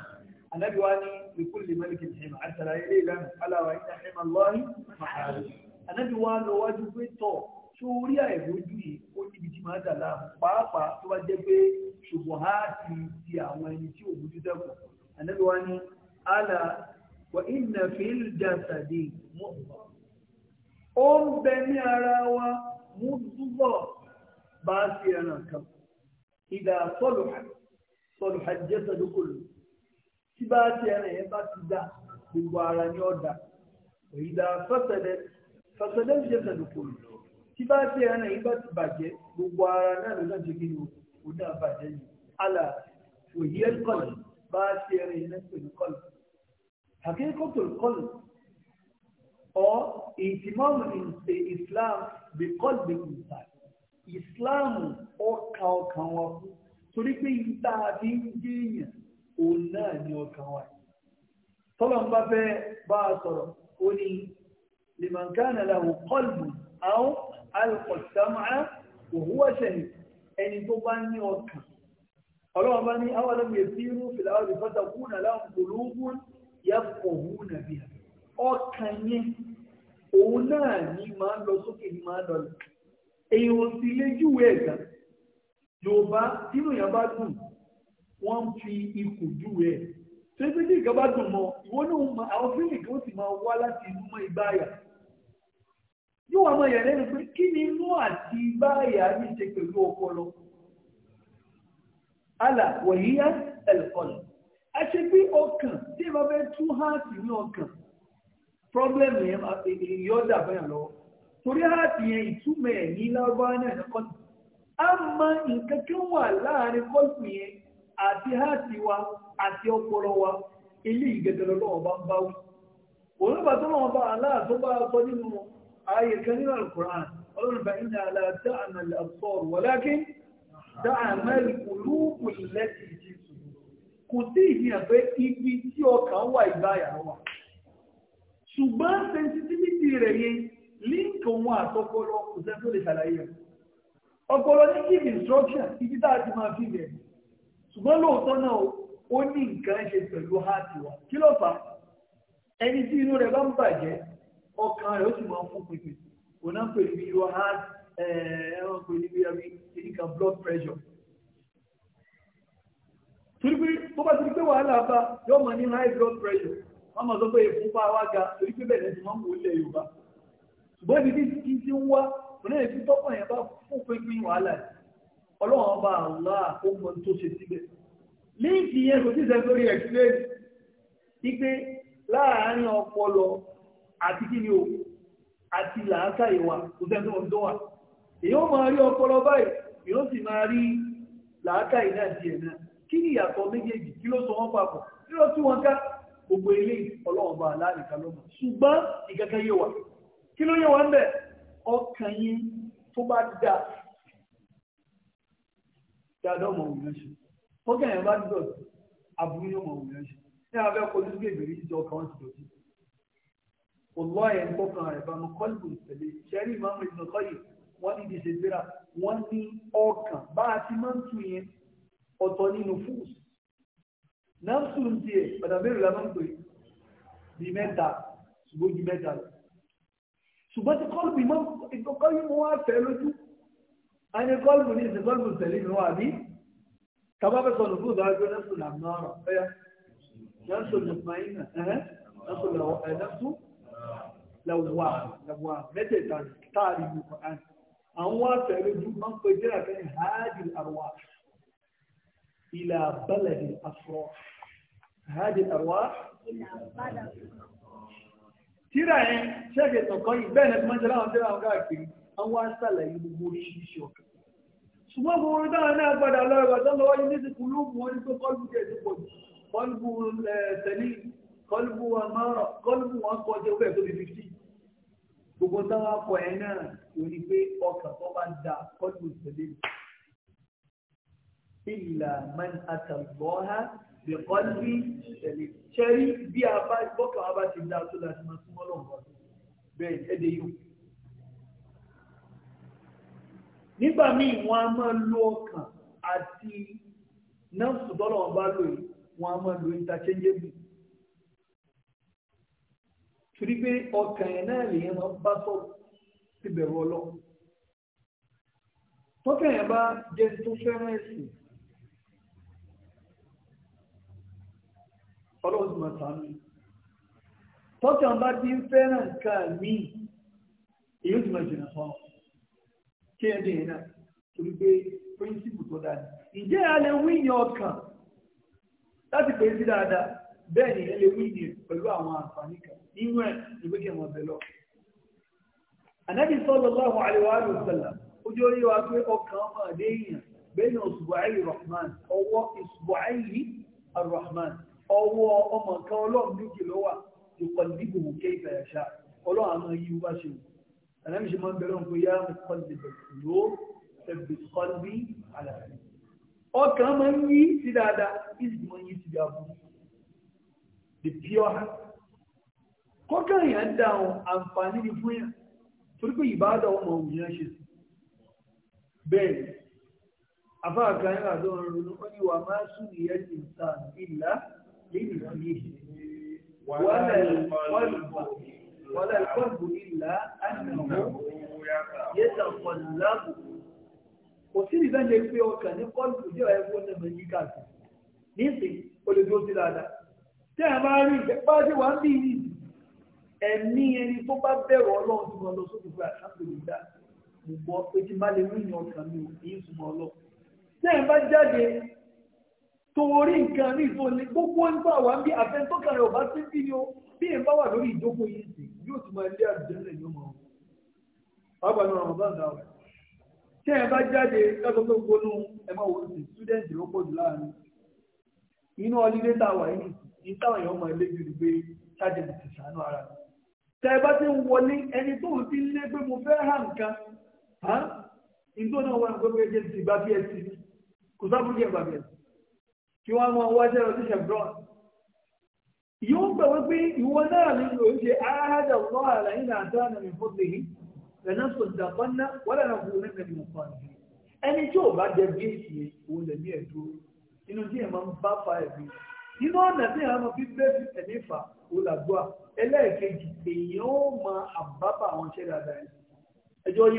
ànábì wa ní ìkúlì mọ́lìkì ìmọ̀ àtàlàyé lè lánà àlà wà ìnà ìmọ̀ lọ́rí màálù ànábì wa lọ wájú pé tọ̀ tó rí àìrójú yìí ó níbi tí máa dà láàmú pàápàá tó bá jẹ́ pé ṣùgbọ́n á ti di àwọn ẹni tí òun ti dẹ́kun ànábì wa ní àlà wà ìnà fìlì jàǹsàdì mọ́ ó ń bẹ ní ara wa mú dúbọ̀ bá a ṣe ẹran kan ìdá sọlùhà sọlùhà jẹ́ sọdúkòlù tí bá a ṣe ẹran yẹn bá ti dá gbogbo ara ní ọ̀dà ìdá fẹsẹ̀lẹ̀ fẹsẹ̀lẹ̀ jẹ́ sọdúkòlù tí bá a ẹran yẹn bá ti bàjẹ́ gbogbo ara náà ló náà ti kí ni o náà yìí alà òyìnbó kọlù bá a ẹran yẹn náà pè ní kọlù àkíkọ́tò kọlù or ihtimam in Islam because the Islam Islam ọkà ọkàn wa fún torí pé ìta àti ń gbìyàn òun náà ní ọkàn wa tọ́lọ̀ ń bá fẹ́ bá a sọ̀rọ̀ ó ní lèmọ̀nkánà làwọn kọlùmù àwọn alùpọ̀tàmáà òhúwà ṣẹ̀yìn ẹni tó bá ní ọkàn ọlọ́wọ́n bá ní àwọn ọlọ́mọ ìfìrú fìlà ọ̀rẹ́ fọ́tàkùnà láwọn kòlóògùn yẹ kọ̀ọ̀hún nàbíyà ọkàn yẹn òun náà ní máa ń lọ sókè ní máa ń lọ lọ èyí ò sì lè júwe ẹ̀dá yorùbá tínú yẹn bá dùn wọ́n fi ikù júwe ẹ̀ tó ṣe tí ìkan bá dùn mọ́ ìwọ náà mọ àwọn fíìmù kan ó sì máa wá láti inú mọ́ igbá yóò wá máa yà lẹ́nu pé kí ni inú àti igbá ní ṣe pẹ̀lú ọpọlọ àlà wọ̀nyíyá ẹ̀lẹ́kọ̀lọ̀ a ṣe pé ọkàn tí ìbá fẹ́ tú háàtì ní ọkàn Problem yẹn eh, eh, eh, yóò dà bẹ́ẹ̀ lọ́wọ́ torí àti yẹn ìtumọ̀ ẹ̀ ní lárúbáwá náà ní a mọ nǹkan kí wà láàrin kọ́tù yẹn àti àti wa àti ọpọlọ wa ilé ìgẹ̀dẹ̀lọ́ lọ́wọ́ bá ń bá wí tó lọ́wọ́ bá aláàtọ́ bá sọ nínú ààyè kan nínú lẹ́tì kò sí ìfihàn ṣùgbọ́n sensitivity rẹ̀ yẹn link òun àtọkọlọ kò sẹ́ni tó lè ṣàlàyé rẹ̀ ọpọlọ ní give instruction ibi tá a ti máa fi bẹ̀ ṣùgbọ́n lóòótọ́ náà ó ní nǹkan ṣe pẹ̀lú heart wa kí ló fà á ẹni tí inú rẹ̀ bá ń bàjẹ́ ọkàn rẹ̀ ó sì máa fún pèpè kò náà pè ní your heart ẹ̀rọ pè ní bí ẹbí ìdíkà blood pressure torí pé tó bá ti di pé wàhálà bá yóò máa ní high blood pressure wọ́n mọ̀ sọ pé ìfúnpá wá ga torí pé bẹ̀rẹ̀ ti máa ń wò ilẹ̀ Yorùbá ṣùgbọ́n ibi tí kí ti ń wá rẹ̀ fi tọ́kàn yẹn bá fún pínpín wàhálà Ọlọ́run ọba àlá ọmọ tó ṣe síbẹ̀ líǹkì yẹn kò tíṣe sórí ẹ̀kílẹ̀ wípé láàárín ọpọlọ àti kíni o àti làákà ìwà kò sẹ́ni tó ń tó wà èyí ó máa rí ọpọlọ báyìí èyí sì máa rí làákà ìdá gbogbo ilé ọlọ́ọ̀bá aláàríkà lọ́mọ ṣùgbọ́n ìkẹ́kẹ́ yé wa kí ló yé wa ń bẹ̀ ọkàn yín tó bá dà dáadọ́ ọmọ òun ṣe ọkàn yẹn bá dọ̀ aburú ní ọmọ òun ṣe ní abẹ́ kojú sí èbèrè ìjọ ọkàn wọn ti dọ̀tí ọlọ́ ẹ̀ ń kọkàn rẹ̀ bá wọn kọ́lù tẹ̀lé ṣẹ́rí ìmáàmù ìjọ kọ́yì wọ́n ní ìdíje gbéra wọ́n ní ọkàn bá a ti máa ń tu yẹn ọ̀tọ̀ nínú fúùsù nọ́ọ̀sù ń tiẹ̀ ọ̀nà mélòó la máa ń pè bí mẹ́ta ṣùgbọ́n ju mẹ́ta lọ. ṣùgbọ́n tí kọ́ọ̀lù bí kọ́ yín mo wá fẹ́ lójú a ní kọ́ọ̀lù ní ìsìn kọ́ọ̀lù tẹ̀lé mi wà bí kaba bẹ sọ̀rọ̀ fún ìdájọ́ nọ́ọ̀sù là ń nọ́ọ̀rọ̀ ẹ̀yà nọ́ọ̀sù nìfàyínà nọ́ọ̀sù làwà làwà mẹ́tẹ̀ẹ̀ta táàrí nìkan àwọn wá fẹ́ lójú máa ń pè jẹ́ àkẹ́yìn háàdì àrùwà إلى بلد الأفراح هذه الأرواح tíra yẹn ṣẹ́gẹ̀ tọ̀kan yìí bẹ́ẹ̀ lẹ́tí mọ́jẹ́ láwọn tíra ọ̀gá àkiri àwọn aṣàlẹ̀ yìí gbogbo oríṣiríṣi ọ̀kan ṣùgbọ́n gbogbo orí táwọn náà padà lọ ẹ̀wà tó lọ́wọ́ yìí nítorí kùlùmù wọn ní pé kọ́lùbù jẹ́ ti pọ̀ jù kọ́lùbù tó di ìlà man àtàlọ́há lè kọ́ sí ìṣẹ̀lẹ̀ ṣẹ́rí bí a bá gbọ́kàn wa bá ti dá tó láti máa súnmọ́ lọ́wọ́ bẹ́ẹ̀ ẹ̀dẹ̀ yóò. nígbà míì wọ́n á máa lo ọkàn àti nọ́ọ̀sì tọ́lọ̀ wọn bá lò wọ́n á máa lo interchangeable. torí pé ọkàn yẹn náà lèyẹn máa bá sọ̀rọ̀ síbẹ̀rù ọlọ́run. tọ́kàn yẹn bá jẹ́ tó fẹ́ràn ẹ̀sìn ọlọ́run ti máa sàánú tọ́kàn bá ti ń fẹ́ràn nǹkan mí èyí ó ti máa jìnnà sọ́nà kí ẹ dín iná torí pé píríncípù tó dáa ni ǹjẹ́ a lè wí ní ọkàn láti pè é sí dáadáa bẹ́ẹ̀ ni ẹ lè wí ní pẹ̀lú àwọn àǹfààní kan nínú ẹ̀ ìwé kẹmọ̀ ọ̀bẹ lọ. ànábì sallallahu alaihi wa sallam ojú orí wa pé ọkàn máa èèyàn bẹ́ẹ̀ ni ọwọ́ ọmọ kan ọlọ́run méjì ló wà ìkọ̀lìdìbò òkè ìfẹ̀yàṣà ọlọ́run àmọ́ yí wá ṣe wù ẹ̀rẹ́ mi ṣe máa ń bẹ̀rẹ̀ òǹkó yá ìkọ̀lìdìbò ló ẹ̀bì kọ́lbí àlàyé ọkàn máa ń yí sí dáadáa ìsìn máa ń yí sí dáadáa the pure heart kọ́kàn ń dáhùn àǹfààní ni fún yà torí pé ìbáàdà ọmọ òyìn ṣe sí bẹ́ẹ̀ afáàkà yà tó ولا القلب إلا أنه يتقلب kò sí ìdá lè pé ọkàn ní kọ́ọ̀lù tí نسي، ẹgbẹ́ ọ̀nà méjì káàkiri nísìn olùdó sí dáadáa tí a máa rí ìgbẹ́ pàdé wà ń bí ní ẹ̀mí ẹni tó bá bẹ̀rù ọlọ́run tí wọ́n lọ sókè fún àṣàkòlùdá mo gbọ́ pé tí má lè rí ìyàn ọkàn mi ò ní ìsúnmọ́ ọlọ́run tí a bá jáde torí nǹkan ní ìfòní gbogbo nípa wà ń bí àfẹ́ntọ́kàrẹ̀ ọ̀bá tí bí ni ó bí ẹ̀ bá wà lórí ìjókòó yìí sí yóò máa àjẹ́lẹ̀ yóò máa wọ́n. ẹ bá jáde a yìí ní táwọn èèyàn máa lé ju ni pé ṣáàjẹ̀ ti ṣàánú ara mi. ẹ bá ti ń wọlé ẹni tó ti lé pé mo fẹ́ hàn kan hàn ìtọ́nà wọn kò fẹ́ jẹ́ ti gbà bí ẹ ti kò kí wọ́n mọ wájẹ́ lọ sí Hebron yóò gbà wípé ìwọ náà ní ló ń ṣe áhádà ọ̀tọ́ àlà yìí náà dáná mi fún mi lẹ́nà sọ̀dà pọ́nà wọ́n náà kú lẹ́nà mi kọ́ ni ẹni tí ò bá jẹ géèsì yẹn òun lẹ̀mí ẹ̀ dúró inú tí ẹ̀ máa ń bá fa ẹ̀mí nínú ọ̀nà tí àwọn ọmọ bíbẹ́ ẹ̀mí fa òun ẹlẹ́ẹ̀kejì èèyàn ó mọ àbábà àwọn iṣẹ́ dáadáa yẹn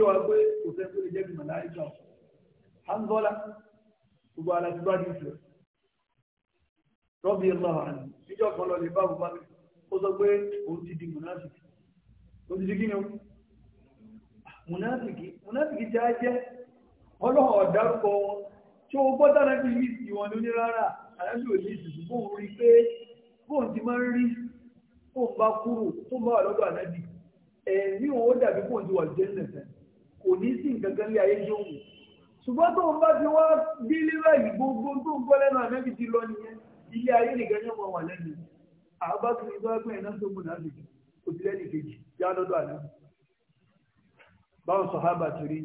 ẹjọ́ rọ́bì ọlọ́wà ní ìjọ kan lọ lè bá bùbá mi ó sọ pé òun ti di mùnáfìkì ó ti di kí ni ó mùnáfìkì mùnáfìkì ti á jẹ́ ọlọ́wà ọ̀dárúkọ wọn tí ó gbọ́ dára bí i ìwọ̀n ní onírárá àyájú òní ìsìnkú bóun rí pé bóun ti máa ń rí bóun bá kúrò bóun bá wà lọ́dọ̀ ànábì ẹ̀mí òun ó dàbí bóun ti wà jẹ́ńdẹ̀sẹ̀ kò ní sí nǹkan bá ti wá bí lébà yìí gbogbo tóun gbọ́ lẹ́nu ànábì ti lọ nìyẹn ilé ayé nìkan yóò mọ wà lẹ́nu àbákùnrin bá gbẹ iná tó mú nàbì òbílẹ̀ nìkejì yá lọ́dọ̀ àná báwọn sọ̀hábà ni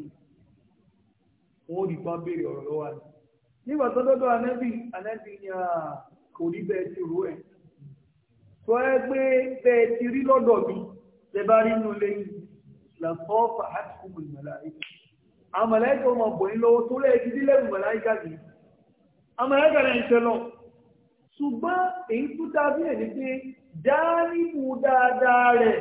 wọn ò ní pọ́n béèrè ọ̀rọ̀ lọ́wọ́ àná nígbà tó dọ́dọ̀ ànábì ànábì ni kò ní bẹ́ẹ̀ ti rú ẹ̀ tó ẹ gbé bẹ́ẹ̀ ti rí lọ́dọ̀ mi tẹ bá rí inú lé làkọ́ fàákùnmù ìmọ̀láyìí àmọ̀láyìí tó mọ̀ bọ̀ ní lọ́wọ́ tó lẹ́yìn ti dílé ìmọ̀láyìí gàdì àmọ̀láyìí gàdì ń ṣe lọ́wọ́ ṣùgbọ́n èyí tó dábí ẹ̀ ni pé dáríwù dáadáa rẹ̀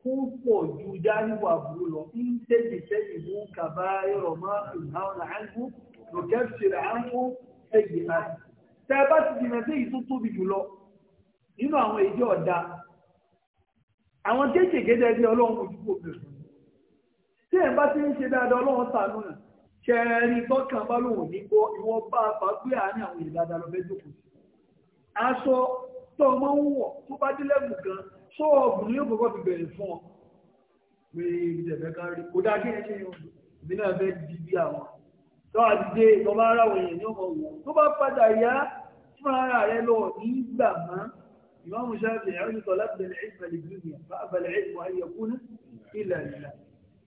kún pọ̀ ju dáríwù àbúrò lọ ń tẹ́jì tẹ́jì mú kàbá ẹ̀rọ máa ń hàn áńgú lòkẹ́ ṣẹlẹ̀ áńgú ẹ̀yẹ láti. tẹ́ ẹ bá ti dìnnà sí èyí tó tóbi jùlọ nínú àwọn èdè ọ̀dà àwọn kéékèèké dẹ́gbẹ́ ọlọ́run kò dúpọ̀ bẹ̀rẹ̀ tí ẹ̀ bá ti ń ṣe dáadáa ọlọ́run sànú náà ṣẹ̀ẹ́rì tọ́kàn bá lòun ní gbọ́ ìwọ̀n bá a fà gbé àárín àwọn ìdáadáa lọ fẹ́ jókòó sí aṣọ tó ọmọ ń wọ̀ tó bá dé lẹ́bù gan sọ ọ̀gùn ní òkòkò ti bẹ̀rẹ̀ fún ọ pé ibi tẹ̀fẹ́ kan rí kó dá kéèyàn ṣe yọ̀ọ̀dù ìbí náà fẹ́ di bí àwọn tó àdìde ìjọba ara wọn èèyàn ní ọmọ wò tó bá padà yá fún ara rẹ lọ ní ìgbà mọ́ ìmáàmù ṣáàfì ẹ̀rọ ìtọ́ láti bẹ̀rẹ̀ ìgbà lè gbé bá abẹ̀rẹ̀ ìgbà ayé kú ní ilẹ̀ ìlẹ̀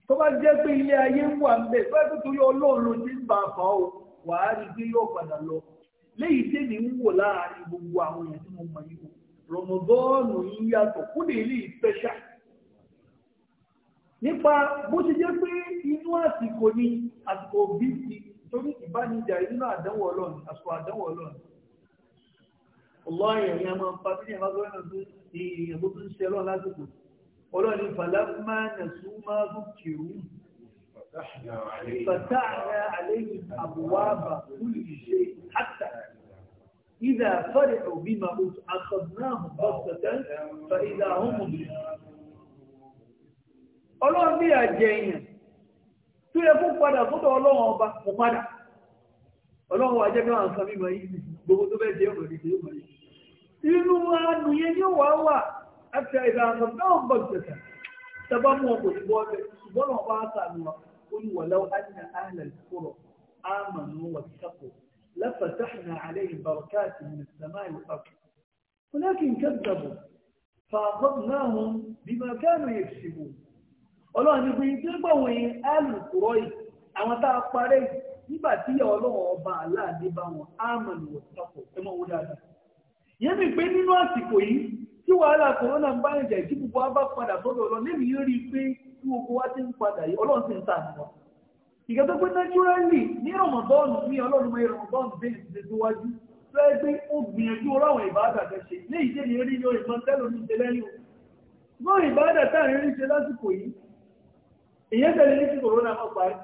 tó bá jẹ́ pé ilé ayé ń wà ń bẹ̀ tó tó torí ọlọ́run ló ti ń bá a fà ó wàá rí pé yóò padà lọ léyìí tèmi ń wò láàrin gbogbo àwọn èèyàn tí mo mọ̀ yìí o rọmọgọ́ọ̀nù yìí yàtọ̀ kúndé ilé ìpẹ́ṣà nípa bó ṣe jẹ́ pé inú àsìkò ni àsìkò bí ti torí ìbánijà nínú àdánwò ọlọ́run àsìkò àdánwò ọlọ́run ọlọ́run ẹ̀yìn àmọ́ pàtẹ́yìn àbágọ́rẹ́ náà tó èèyàn tó tún ṣe ọlọ́run lásìkò ọlọ́run ìfàlámánà súnmọ́ فتحنا عليهم أبواب كل شيء حتى إذا فرعوا بما أوتوا أخذناهم بغتة فإذا هم مبلسون ọlọ́run bí àjẹ èèyàn tó yẹ fún padà fọ́dọ̀ ọlọ́run ọba kò padà ọlọ́run wà jẹ́ bí wọ́n sàmì mọ̀ yìí gbogbo tó bẹ́ẹ̀ jẹ́ ọ̀rẹ́ ìṣẹ́ mọ̀ yìí inú àánú yẹn ní wà wà àti àìsàn àkọ́kọ́ náà bọ̀ قل ولو أن أهل القرى آمنوا واتقوا لفتحنا عليهم بركات من السماء والأرض ولكن كذبوا فأخذناهم بما كانوا يكسبون ọlọ́run ní pé tí ó gbọ̀wọ̀ yẹn alùpùrọ̀ yìí àwọn tá a parẹ́ nígbà tí ọlọ́run ọba aláàdé bá wọn ámàlù ọ̀tọ́kọ̀ ẹ mọ̀ wọ́n dáadáa. yẹn mi pé nínú àsìkò yìí tí wàhálà kòrónà ń bá ìjà ìdí gbogbo wa bá padà sọ́dọ̀ ọlọ́run lẹ́mìí rí i pé gbogbo wa ti ń padà yìí ọlọ́run sì ń tà nù. ìgbà tó pé naturally ní rọmọdọ́ọ̀nù ní ọlọ́run mọ rọmọdọ́ọ̀nù bẹ́ẹ̀ ti tó wájú tó ẹ pé ọlọ́run ìbáàdà fẹ́ ní ìdí ni eré yóò ìmọ̀ tẹ́lọ̀ ní ìṣẹ̀lẹ́yìn o. mọ ìbáàdà táàrin rí lásìkò yìí èyí tẹ̀lé ní ti kòrónà náà parí.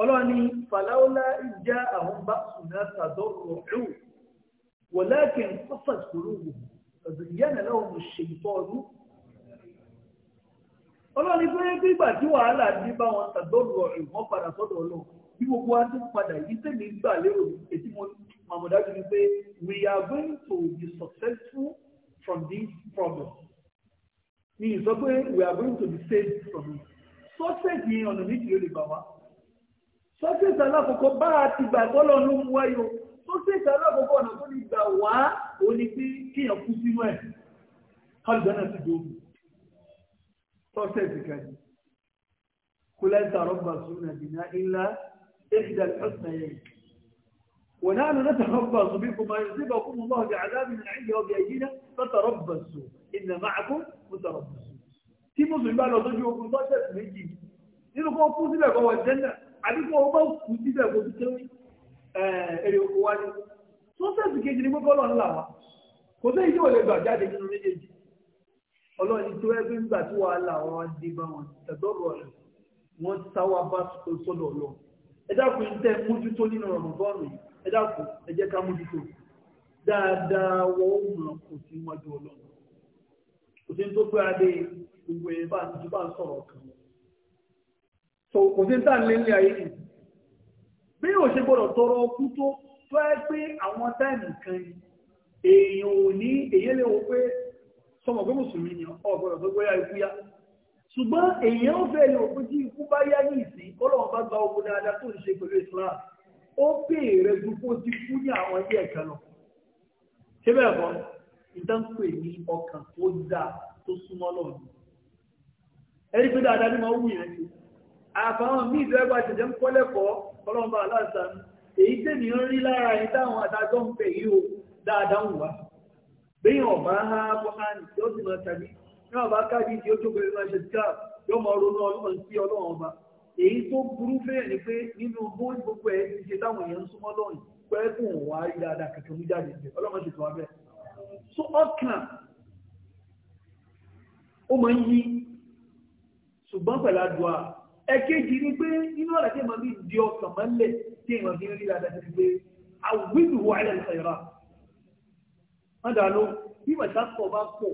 ọlọ́run ni ìjà àwọn bá sùn ولكن قصت قلوبهم فزين لهم الشيطان ọlọ́ni tó yẹ gbígbà tí wàhálà ní bá wọn tàdọ́rọ̀ ìwọ́n padà sọ́dọ̀ ọlọ́run bí gbogbo wa ti padà yìí tèmi gbà lérò ètí mo màmúdájú ni pé we are going to be successful from this problem ní ìsọ pé we are going to be saved from it success yẹn ọ̀nà méjì ló lè gbà wá success alákọ̀ọ́kọ́ bá a ti gbà bọ́lọ̀ ló mú wáyò success alákọ̀ọ́kọ́ ọ̀nà tó lè gbà wá òní pé kéèyàn kú sínú ẹ̀ kálùbẹ́ náà ti dòògùn sọ́sẹ̀sì kan kó lẹ́ta rọ́bà súnà bìnà ilá ìdá ìfẹ́sẹ̀ yẹn ونحن نتربص بكم ما يصيبكم الله بعذاب من عنده وبأيدينا فتربصوا إن معكم متربصون tí mùsùlùmí bá lọ sójú ogun tọ́jẹ̀t méjì nínú kó kú sílẹ̀ kó wọ jẹ́nà àbí kó bá kú sílẹ̀ kó ti tẹ́wé èrè oko wájú. sọ́sẹ̀sì kejì ni gbogbo ọlọ́run là wá kò sí ìdí òlè gbà jáde nínú méjèèjì ọlọ́run tó ẹgbẹ́ nígbà tí wàhálà wọn dé bá wọn tẹ̀dọ́rọ̀ rẹ̀ wọ́n sáwà bá sọ́dọ̀ ọlọ́run ẹ dákun ń tẹ́ mójútó nínú ọ̀rọ̀ bọ́ọ̀lù ẹ dákun ẹ jẹ́ ká mójútó dáadáa wọ́n ó mọ̀ kò sí wájú ọlọ́run kò sí tó gbé adé gbogbo ẹ̀ bá ti bá sọ̀rọ̀ kan so kò sí tá à ń lé nílé ayé yìí bí yóò ṣe gbọ́dọ̀ tọrọ ọkú tó tó ẹ pé àwọn táìmù kan èèyàn ò ní èyí lè wọ pé sọmọ pé mùsùlùmí ni ọgbọ̀rọ̀ tó gbóyà ikú yá ṣùgbọ́n èèyàn ń fẹ́ lò pé tí ikú bá yá ní ìsìn kọ́lọ́wọ́n bá gba ogun dáadáa tó ń ṣe pẹ̀lú Islam ó pè rẹ ju kó ti kú ní àwọn ilé ẹ̀ka lọ. ṣé bẹ́ẹ̀ kọ́ ìdánpè ní ọkàn tó dáa tó súnmọ́ lọ́wọ́ ẹni pé dáadáa ni wọ́n wù yẹn ti àfàwọn míì tó ẹgbà tẹ̀jẹ̀ ń kọ́lẹ́kọ̀ọ́ kọ́lọ́wọ́n bá aláàtàn èyí tẹ̀mí ń rí lára ẹ̀ táwọn be ọba ha kọ́hánì tí ó sì máa tàbí ní ọ̀bá káàdì tí ó jókòó máa ṣe ká yóò máa ronú ọlọ́run sí ọlọ́run ọba èyí tó burú fẹ́rẹ̀ ni pé nínú bó gbogbo ẹ̀ ti ṣe táwọn èèyàn ń súnmọ́ lọ́run pẹ́ẹ́kùn wà rí dáadáa kẹ̀kẹ́ mú jáde ìgbẹ́ ọlọ́run ṣètò abẹ́ so ọkàn ó máa ń yí ṣùgbọ́n pẹ̀lú ni pé nínú ọ̀rẹ́ tí di ọkàn mọ́lẹ̀ tí èèyàn rí dáadáa wọ́n dà ló bí wẹ̀sà pọ̀ bá pọ̀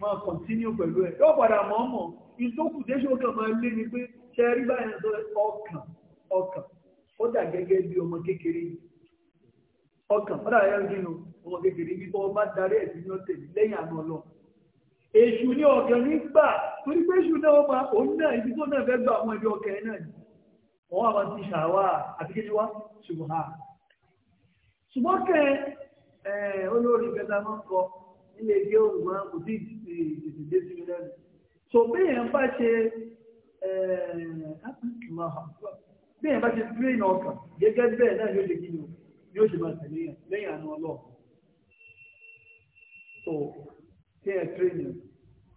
máa kọ̀ntínú pẹ̀lú ẹ̀ yóò padà mọ̀ ọmọ ìtókù déṣe ọkàn máa lé ni pé ṣe rí báyìí sọ ọkàn ọkàn ó dà gẹ́gẹ́ bí ọmọ kékeré ọkàn ó dà gẹ́gẹ́ bí ọmọ kékeré bí tọ́ bá darí ẹ̀sìn ní ọ̀tẹ̀ lẹ́yìn àná ọlọ́run èṣù ní ọ̀kẹ́ nígbà torí pé èṣù náà máa òun náà ibi tó náà fẹ́ gba àwọn ibi ọ̀kẹ́ náà ni wọ́n wá ti ṣàwà àti kéjì wá ṣùgbọ́n olórí ìgbẹ́ta máa ń kọ nílé kò sí sí so béèyàn bá ṣe béèyàn bá ṣe ọkàn gẹ́gẹ́ bẹ́ẹ̀ náà yóò kí ni o yóò ṣe máa tẹ̀lé yàn lẹ́yìn so kéèyàn train yàn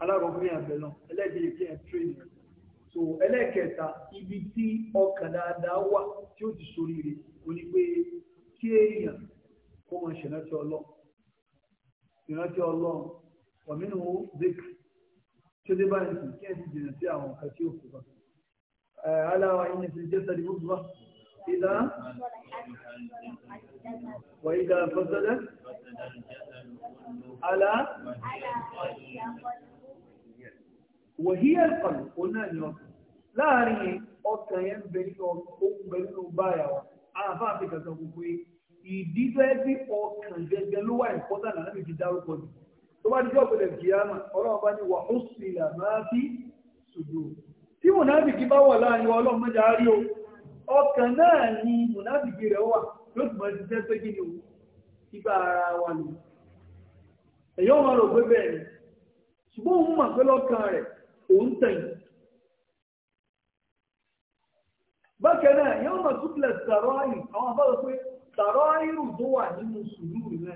alákọ̀ọ́kọ́ yàn náà ẹlẹ́gbẹ̀ẹ́ so ẹlẹ́kẹta ibi tí ọkàn dáadáa wà tí ó ti soríire kí èèyàn kó máa ṣe ìrántí ọlọ́run ìrántí ọlọ́run ọ̀mínú zik tí ó dé báyìí sì kí ẹ ti jìnnà sí àwọn nǹkan tí ó kù bá. aláwa yìí ni fi jẹ́ sadi mú bá ìdá wà ìdá fọ́sẹ́lẹ̀ alá wàhíyà kan ó náà ní ọkàn láàrin ọkàn yẹn ń bẹ nínú báyà wa àáfàá fi gbogbo yìí ìdí tó ẹ bí ọkàn gẹ́gẹ́ ló wà ìfọ́tà náà láti fi dárúkọ jù tó bá dijọ́ pẹ̀lẹ́ kìíyàmà ọlọ́run bá ní wà ó sì là máa fi sùdù tí mùnáfìkì bá wà láàrin wa ọlọ́run mọ́jà á rí o ọkàn náà ni mùnáfìkì rẹ̀ wà ló sì máa ṣiṣẹ́ pé kí ni o ibà ara wa ni ẹ̀yọ́ wọn rò pé bẹ́ẹ̀ ni ṣùgbọ́n òun mọ̀ pé lọ́kàn rẹ̀ òun tẹ̀yìn bákan náà yọ́n mọ̀ súpìlẹ̀ sàrọ́ àyè àwọn àbáwọ̀ pé sàrọ́ irú tó wà nínú sùúrù náà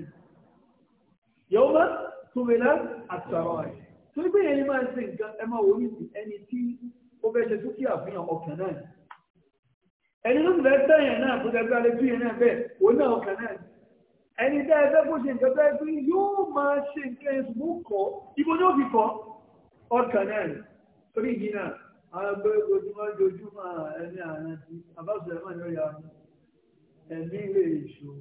yóò mọ́ tùmìnà àtàrọ̀ ẹ̀ tó gbé yẹn ní máa ń ṣe nǹkan ẹ máa wọlé sí ẹni tí ó fẹ́ ṣe dúkìá fún yàn ọkàn náà ẹni ló ń bẹ sẹ́yìn náà tó dẹ̀bí alẹ́ bí náà bẹ́ẹ̀ òun náà ọkàn náà ẹni tẹ́ ẹ fẹ́ kó ṣe nǹkan tẹ́ pé yóò máa ṣe nǹkan ẹ̀sùn mú kọ́ ibo ni ó fi kọ́ ọkàn náà torí yìí náà àwọn ẹgbẹ́ ojoojúmọ́ ẹni àná ti àbáṣe ẹ̀ máa yọ ẹ̀mí lè ṣò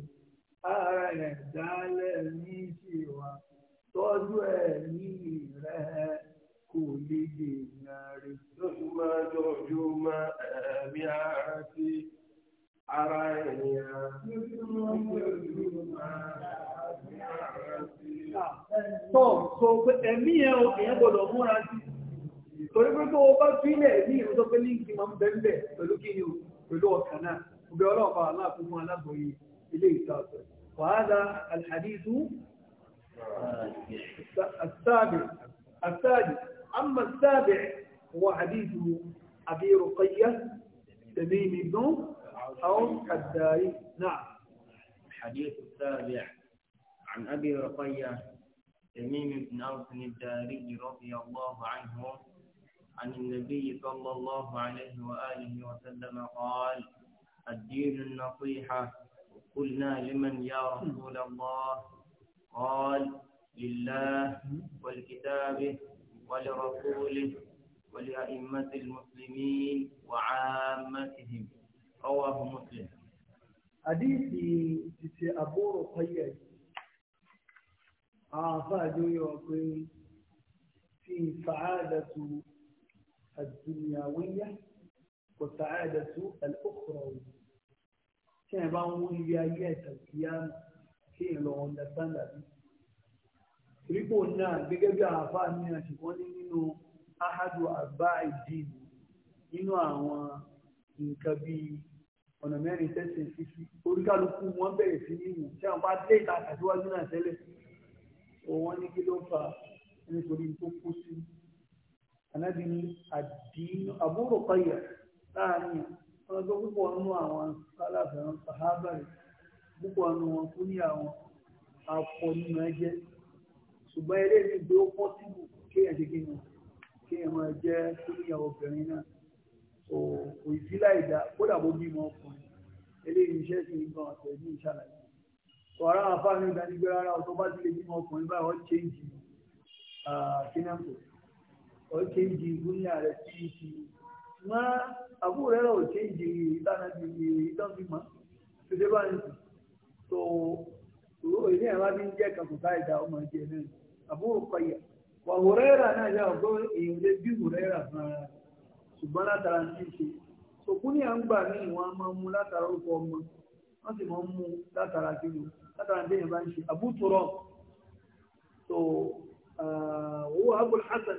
ara rẹ̀ dálẹ̀ ní ìṣèwà tọ́jú ẹ̀mí rẹ̀ kò lè dènà rẹ̀. lójúmọ́ lójúmọ́ ẹ̀mí ara sí ara ènìyàn. lójúmọ́ lójúmọ́ ẹ̀mí ara sí. tó sọ pé ẹ̀mí yẹn obìnrin gbọ́dọ̀ múra sí torí pé tó o bá tún ilẹ̀ ẹ̀mí ìrìn tó pé líǹkì máa ń bẹ́ẹ̀ pẹ̀lú kí ni o pẹ̀lú ọ̀kan náà. ọbẹ̀ ọlọ́ọ̀bá aláàkúnmọ́ alágbòye إليه ìtàkùn wàhálà alhadisu السابع السادس أما السابع هو حديث أبي رقية تميم بن أو الداري نعم الحديث السابع عن أبي رقية تميم بن أوس الداري رضي الله عنه عن النبي صلى الله عليه وآله وسلم قال الدين النصيحة قلنا لمن يا رسول الله قال لله والكتاب ولرسوله ولأئمة المسلمين وعامتهم رواه مسلم حديث في أبو رقية أعطى يقول في سعادة الدنيوية والسعادة الأخروية tí ẹ bá ń wú ilé ayé ẹ̀sẹ̀ kíá kí ẹ lọ ọ̀ndàstáńdà bí. rípò náà gẹ́gẹ́ bí àáfà ní àṣìkò ní nínú ahadu àbá ìdí nínú àwọn nǹkan bíi ọ̀nà mẹ́rin tẹ́sán fífi oríkálukú wọn bẹ̀rẹ̀ sí ní ìwò tí àwọn bá dé ìta àtàtíwájú náà tẹ́lẹ̀ òun ní kí ló fà nítorí tó kú sí anábìíní àdínú àbúrò kọyà láàrin wọn gbọ́ púpọ̀ nínú àwọn aláfẹ̀ẹ́ sàhábàrì púpọ̀ nínú wọn kú ní àwọn akọni máa jẹ́ ṣùgbọ́n eré mi gbé ó pọ́ síbù kéèyàn ṣe kí ni kéèyàn máa jẹ́ kúnyà obìnrin náà so kò sí láìda kódà bó bímọ ọkùnrin eléyìí iṣẹ́ sì ń gan ọ̀sẹ̀ ní ìṣàlàyé ọ̀rá àfáàní ìdánigbé rárá ọ̀tọ́ bá ti lè bímọ ọkùnrin báyìí wọ́n ṣe ah, ń jì kínàpọ̀ wọ́n ṣe ń jì kúnyà rẹ̀ sí ti wọ́n àbúrò rẹ̀ ò ṣe ń di ìdáná di ìdánfimọ́ tó dé bá ń sùn tó òwò ilé ẹ̀rọ bí ń jẹ́ kàkùtà ìdá ọmọ ìjẹ náà àbúrò kọyà wà hùrẹ́rà náà yà ọgbọ́ èèyàn lé bí ṣùgbọ́n látara ń ṣe òkú ní à ń gbà ní ìwọ̀n máa ń mú látara orúkọ ọmọ wọ́n sì máa ń mú látara kíló látara ń déyàn bá ń ṣe àbútúrọ̀ tó owó hasan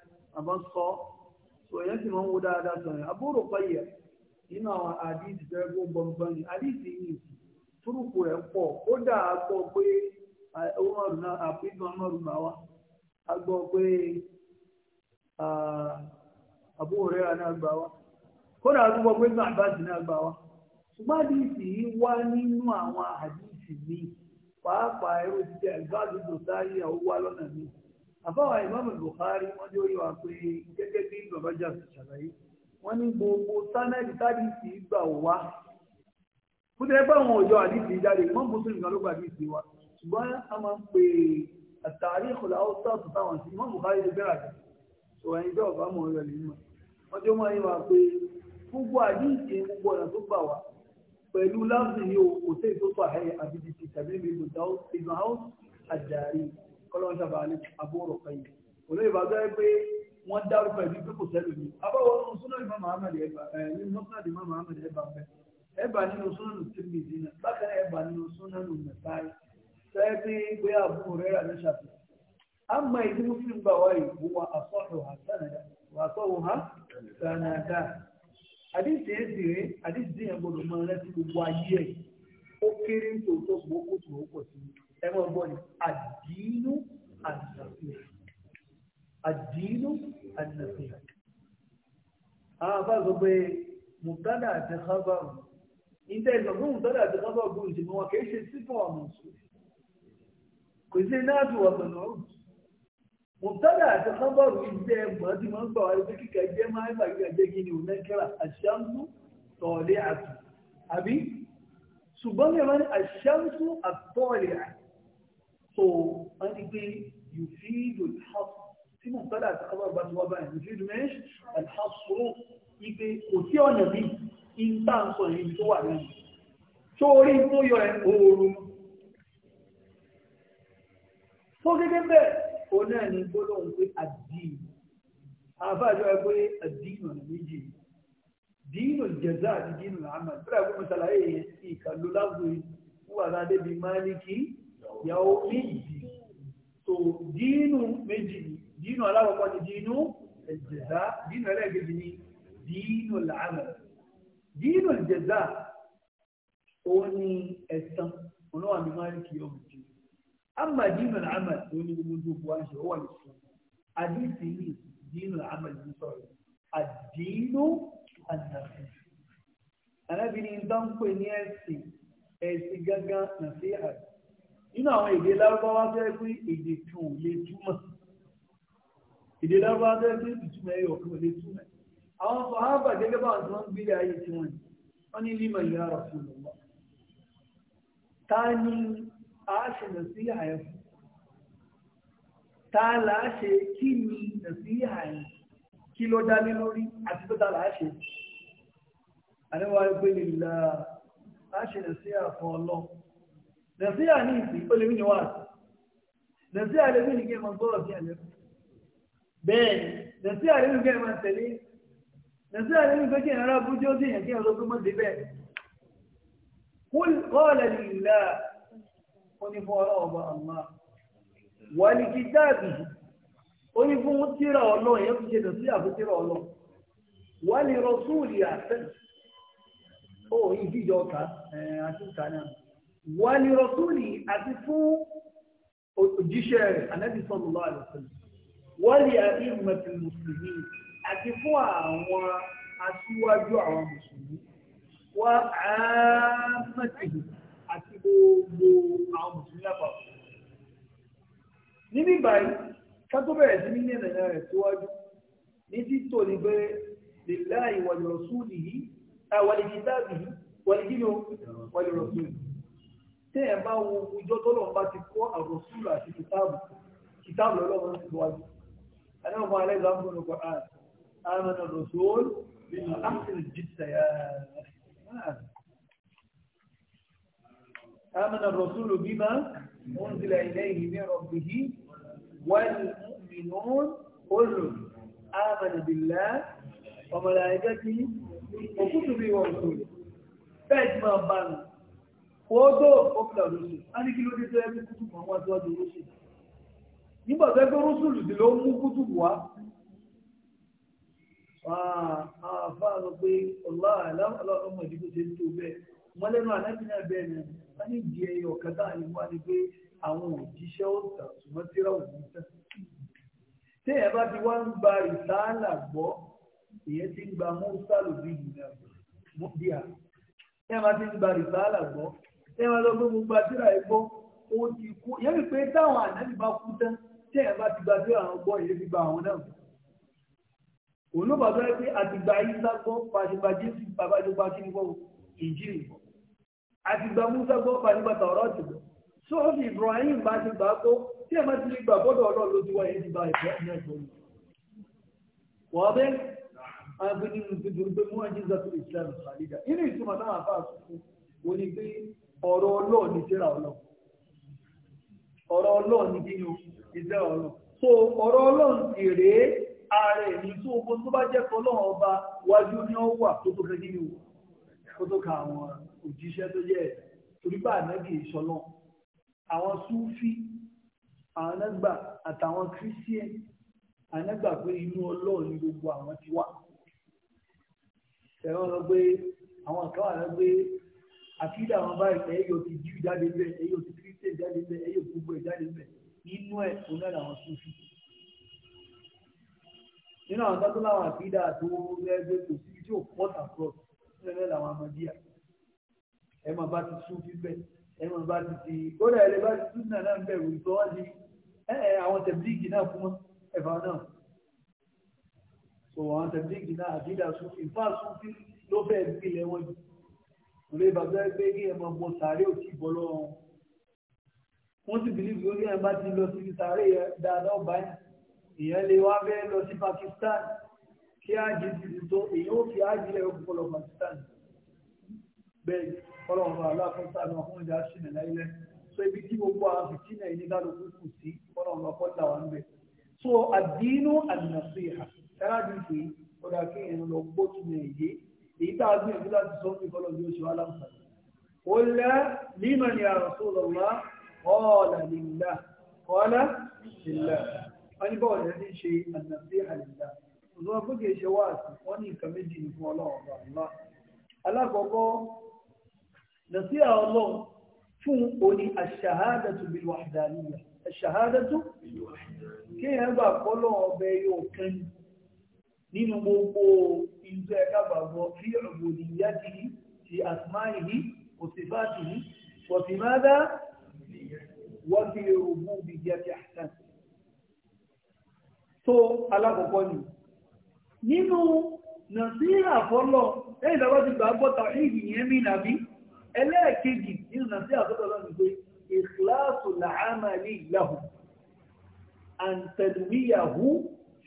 àmọ́ sọ sòyẹ́ sì máa ń wo dáadáa sọ̀rọ̀ àbúrò pẹ̀yẹ nínú àwọn àdìsí tẹ́ kó gbọ̀ngbọ̀n ni àdìsí yìí túrùkù rẹ̀ pọ̀ ó dà á gbọ́ pé Umaru náà náà wá a gbọ́ pé àbúrò rẹ̀ náà gbà wá kódà gbọ́ pé náà gbà wá ṣùgbọ́n àdìsí yìí wá nínú àwọn àdìsí pàápàá ti tẹ̀ àbáwá ìmáàmù Bukhari wọ́n jẹ́ orí wa pé gẹ́gẹ́ bí bàbá jà sí ṣàlàyé wọ́n ní gbogbo sánẹ́ẹ̀dì tádì sí gbà wá kó tẹ́ pé àwọn òjò àdìsí jáde wọ́n mú sóyún kan ló gbà àdìsí wa ṣùgbọ́n a máa ń pè àtàrí ìkọlà ọ́sàtù táwọn sí ìmáàmù Bukhari ti bẹ̀rẹ̀ àjẹ́ ṣòwò ẹni tó ọ̀gá mọ̀ ọ̀rẹ́ nínú wọn jọ máa yẹ wa pé gbogbo àdìsí gbogbo ọ̀nà tó gbà wá pẹ̀lú láti ní òkòtẹ́ ìtòtò àhẹ́ àbíjì ti tàbí ìgbòtà kọ́lọ́n sábà ní abúrò kẹyìn olóyè bá gbé pé wọ́n dárúkọ ẹ̀mí pé kò sẹ́lò ní abáwọ̀ nínú súnà ìmọ̀ Muhammad ẹ̀bà ẹ̀ nínú mọ́tò ìmọ̀ Muhammad ẹ̀bà fẹ́ ẹ̀bà nínú súnà nù Tirmidhi náà bákan náà ẹ̀bà nínú súnà nù Nasa'i sẹ́ẹ́ pé pé àbúrò rẹ̀ rà ní ṣàfihàn àmọ́ ìdí Muslim gbà wáyé wọ́n asọ́hùn àtànàdà wà sọ́hùn àdìsí ẹ̀ ó kéré tó ẹmọ ọgbọ́n ni àdínú ànàfíà àdínú ànàfíà àwọn afá sọ pé mùtádà àti kábàrù ìdá ìsọ fún mùtádà àti kábàrù bú ìṣẹ́ wọn kìí ṣe sífọ̀ àmọ̀sù kò sí náà ti wà pẹ̀lú ọ̀rùn mùtádà àti kábàrù ìṣẹ́ ẹgbọ̀n tí wọ́n gbà wáyé pé kíkà jẹ́ máa ń bàgíkà jẹ́ kí ni òun àṣàmú tọ̀ọ̀lẹ́ àtù àbí ṣùgbọ́n mi máa ń àṣàmú àtọ̀ọ̀lẹ́ àtù so wọ́n ti pé you feel your house tí mo gbọ́dọ̀ àti kábọ̀ bá ti wá báyìí you feel mesh and house so ipe kò sí ọ̀nà bí ìta ń sọ èyí tó wà lẹ́yìn tó orí tó yọ ẹ̀ oorun tó gẹ́gẹ́ bẹ́ẹ̀ òun náà gbọ́dọ̀ ń pé àdìyí àbájọ ẹ pé àdìyí ọ̀nà méjì dínú jẹ̀zá àti dínú àmà ìpínlẹ̀ ẹ̀kọ́ mọ́sálàyé ìkàlólágbé wà ládé bíi máàlìkì yàómi ìdí tó dínú méjì ní dínú aláwọ̀kọ́ ni dínú ẹ̀jẹ̀dá dínú ẹlẹ́gẹ̀ẹ́jì ni dínú làámẹ̀ dínú ẹ̀jẹ̀dá ó ní ẹ̀sán olówà ní máàlìkì yọ̀ mọ̀jú àmà dínú làámẹ̀ tó ní gbogbo gbogbo àṣẹ ó wà ní sọ àdínsì ní dínú làámẹ̀ ní sọ̀rọ̀ àdínú ẹ̀sìn ẹ̀sìn gángan nàfíà rẹ̀ nínú àwọn èdè lárúbáwá tó yẹ pé èdè kan ò lè túmọ̀ èdè lárúbáwá tó yẹ pé ìtumọ̀ ẹ̀yọ̀ kan ò lè túmọ̀ àwọn ọkọ̀ harvard gẹ́gẹ́ bá àwọn tí wọ́n ń gbélé ayé tí wọ́n ní wọ́n ní lima ìyá rọ̀ fún lọ́wọ́ ta ni a ṣe nà sí àyẹ̀ fún ta là á ṣe kí ni nà sí àyẹ̀ kí ló dá lé lórí àti tó ta là á ṣe àríwá ẹgbẹ́ lè la a ṣe nà sí àfọ̀ ọlọ́run nasiha ni ipi pẹ̀lú mi ni wá nasiha lè mí ni kí ẹ máa gbọ́rọ̀ sí ẹ̀lẹ́kùn bẹ́ẹ̀ nasiha lè mí kí ẹ máa tẹ̀lé nasiha lè mí pé kí ẹ rárá bújú ó sì yàn kí ẹ lọ gbọ́mọ́ dé bẹ́ẹ̀ kúl kọ́ọ̀lẹ̀ lílá ó ní fún ọlọ́ ọba àmà wà ní kí dáàbì ó ní fún tíra ọlọ́ yẹn fi ṣe nasiha fún tíra ọlọ́ wà ní rọ súùlì àtẹ ó yìí jíjọ ọ̀tá ẹ̀ àti ìtàní àná wà ní rọ́súlì àti fún òjíṣẹ́ rẹ̀ anábì sallallahu alaihi wasallam wà ní àìmọ̀tì mùsùlùmí àti fún àwọn aṣíwájú àwọn mùsùlùmí wà ámọ̀tì àti gbogbo àwọn mùsùlùmí lápapọ̀. níbi báyìí kátó bẹ̀rẹ̀ sí ní nàìjíríà rẹ̀ síwájú ní títò ní pé lillahi wa li rasulihi wa li kitabihi wa li dinihi wa li rasulihi tẹ́ ẹ̀ bá wo ìjọ tó lọ́n bá ti kọ́ àwọn sùúrù àti kìtáàbù kìtáàbù lọ́lọ́wọ́ ti wájú. Àdáwọ̀ fún alẹ́ ìlànà fún ọkọ̀ àn. Àmọ́ nà lọ sóòl nínú àṣírí jìtà yá. Àmọ́ nà lọ sóòl bí máa ń tilẹ̀ ilé yìí ní ọ̀gbì yìí. Wọ́n mi nù olù. Àmọ́ nà bìlá ọmọlàyé gẹ́gẹ́ bí wọ́n sóòl. Bẹ́ẹ̀ ti máa bá nù. Odó ọ̀pọ̀lọ̀ lóṣù, a ní kí ló dé tó ẹbí kútùbù àwọn àtọ́jú lóṣù. Nígbà tó ẹgbẹ́ rúṣùlù sí ló mú kútùbù wá. Àfá lọ pé ọ̀lá aláwọ̀lọ́mọ ìdíkò ṣe ń tó bẹ́ẹ̀. Wọ́n lẹ́nu àlẹ́bí náà bẹ́ẹ̀ ni a ní ìdí ẹyọ kẹta àyẹ̀wò á ní pé àwọn òjíṣẹ́ ọ̀tà ṣùgbọ́n tíra òun tán. Tí ẹ bá ti wá ń gba ìsáàlà gbọ́, ìyẹn ti ń gba mọ́sálù bí ìgbà bí à. Tí ẹ bá ti ń gba ìsáàlà gbọ́, ẹ máa lọ gbogbo gbàdúrà ẹ gbọ́ ó ti kú yẹn mi pé táwọn ànábì bá kú tán tí ẹ bá ti gbàdúrà àwọn gbọ́ ìyẹn fi gba àwọn náà òun ló bàbá rẹ pé àtìgbà yìí sá gbọ́ pàṣípà jésù bàbá ìjọba kí ni gbọ́ ìjírì gbọ́ àtìgbà musa gbọ́ pàṣípà tọ̀rọ̀ ti gbọ́ sọ́ọ̀fì ibrahim bá ti gbà gbọ́ tí ẹ bá ti lè gbà bọ́dọ̀ ọlọ́run ló ti wáyé ti bá ìfẹ́ ní ẹ̀gbọ́n mi. wọ́n bẹ́ agbẹnirun ti dùn pé mú àjíǹsà tó ìsìlámù sàlídà inú ìtumọ̀ náà àfa àtúntò wọ́n ni pé ọ̀rọ̀ ọlọ́ọ̀ ní tẹ́ra ọlọ́ọ̀ ọ̀rọ̀ ọlọ́ọ̀ ní kí so ọ̀rọ̀ ọlọ́ọ̀ sì rèé ààrẹ ní tó ogun tó bá jẹ́ kọlọ́ọ̀ ọba wájú ní ó wà tó tó kẹ́kí ni ó tó ka àwọn òjíṣẹ́ tó yẹ torí bá ànágì ìṣọlọ́ àwọn súfí àwọn anágbà àtàwọn kírísíẹ̀ anágbà pé inú ọlọ́ọ̀ ní gbogbo àwọn ti wà àkídà àwọn báyìí ẹ̀yẹ́ yóò ti jíù jáde ń bẹ̀ ẹ̀yẹ́ yóò ti kírísítẹ̀ jáde ń bẹ̀ ẹ̀yẹ́ yóò gbogbo ẹ̀ jáde ń bẹ̀ nínú ẹ̀ òun náà làwọn tún fi. nínú àwọn tọ́tún láwọn àkídà tó lẹ́gbẹ́ kò sí tí ò pọ́ tàkọ́ nílẹ̀ làwọn amadíà ẹ máa bá ti sún fi bẹ́ẹ̀ ẹ máa bá ti ti kódà ẹ lè bá ti sún náà náà ń bẹ̀rù ìtọ́wájú ẹ àwọn tẹ̀blíìgì náà fún ẹ̀fà náà so àwọn tẹ̀blíìgì náà àkídà sún fi fáà sún fi ló fẹ́ẹ́ gbilẹ̀ wọn jù lórí bàbá ẹgbẹ́ kí ẹ máa bọ sàárè òtí bọ́ lọ́wọ́ wọ́n sì bìlíbi ó ní ẹ bá ti lọ sí sàárè yẹn dáadáa ọba yẹn ìyẹn lè wá bẹ́ẹ̀ lọ sí Pakistan kí ájì ti ti tó èyí ó fi ájì lẹ̀ ọ̀pọ̀lọ̀ Pakistan bẹ́ẹ̀ ọlọ́run aláàfin sáré wọn fún ìdá sínú láìlẹ́ so ibi tí gbogbo àwọn fìtínà yìí nígbàdókù kù sí ọlọ́run ọkọ̀ dà wá ń bẹ̀ so àdínú àdínàṣe ẹ̀rá dìbò ọ̀dà kí èèyàn lọ èyí tá a gbé ìlú láti sọ ní ìkọlọ̀ bí ó ṣe wá láǹfààní. ó lẹ́ nímọ̀ ni Rasulullah ọ̀ọ́là nílá ọ̀ọ́là nílá wọ́n ní bọ́ọ̀lù ẹni ṣe ànàbí àlìlá òṣùwọ̀n fúnkì ṣe wá àti wọ́n ní nǹkan méjì ní fún ọlọ́run àlá alákọ̀ọ́kọ́ nàṣí ọlọ́run fún òní àṣàhádàtú bil wahdaniyya àṣàhádàtú kéèyàn gbà kọ́lọ́ ọbẹ̀ yóò kẹ́yìn nínú gbogbo ìjọ ẹ̀ka gbàgbọ́ tí ọ̀gbọ̀dì ìyá ti ti àtìmáyìí òsìfáàtì wọ̀tìmádá wọ́n ti rògbò bí ìyá ti àtàn tó alákọ̀ọ́kọ́ ni nínú nàṣíhà fọ́lọ̀ lẹ́yìn tàbá ti gbà gbọ́ta ìyẹn mi nàbí ẹlẹ́ẹ̀kejì nínú nàṣíhà fọ́lọ̀ lọ́nà pé ìkìláàsù làámà ní ìyàhù àǹtẹ̀lùmíyàhù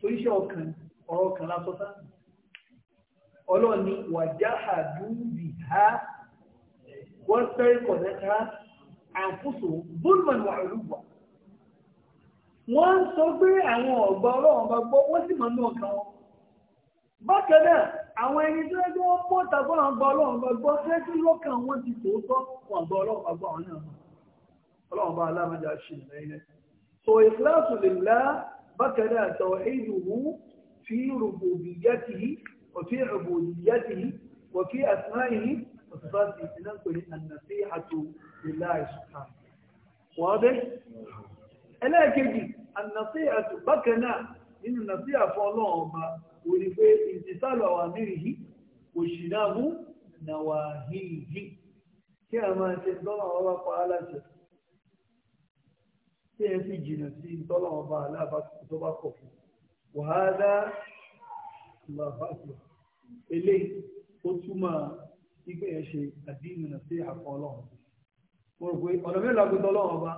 torí iṣẹ́ ọkàn ọ̀rọ̀ ọkàn lásán sáà ọlọ́run ni wàjáhà dúbì ha wọ́n fẹ́rẹ́ kọ̀nẹ́ta àǹfùsù bùnmọ̀nù àrùwà wọ́n ń sọ pé àwọn ọ̀gbà ọlọ́run bá gbọ́ wọ́n sì máa ń náà kan wọn bákan náà àwọn ẹni tó ẹgbẹ́ wọn pọ̀ tàbí àwọn ọgbà ọlọ́run bá gbọ́ fẹ́ẹ́tì lọ́kàn wọn ti tòótọ́ fún ọgbà ọlọ́run bá gbọ́ àwọn náà ọlọ́run bá aláàmọ́jà ṣe ìrẹ́lẹ̀ so ìfúláṣù lè lá بكنا توحيده في ربوبيته وفي عبوديته وفي أسمائه وصفاته ننقل النصيحة لله سبحانه واضح؟ ألا كذي النصيحة بكنا إن النصيحة فالله ولفي امتثال أوامره واجتناب نواهيه كما تدعو الله تعالى tí ẹ fi jìnnà sí tọ́lọ́wọ́n bá aláàbá tó bá kọ̀ fún wàhálà làbàtà eléyìí ó túmọ̀ igbe ẹ̀ ṣe àdínù nà sí àkọ́ ọlọ́run mo rò pé ọ̀nà mélòó àgùntàn ọlọ́run ọba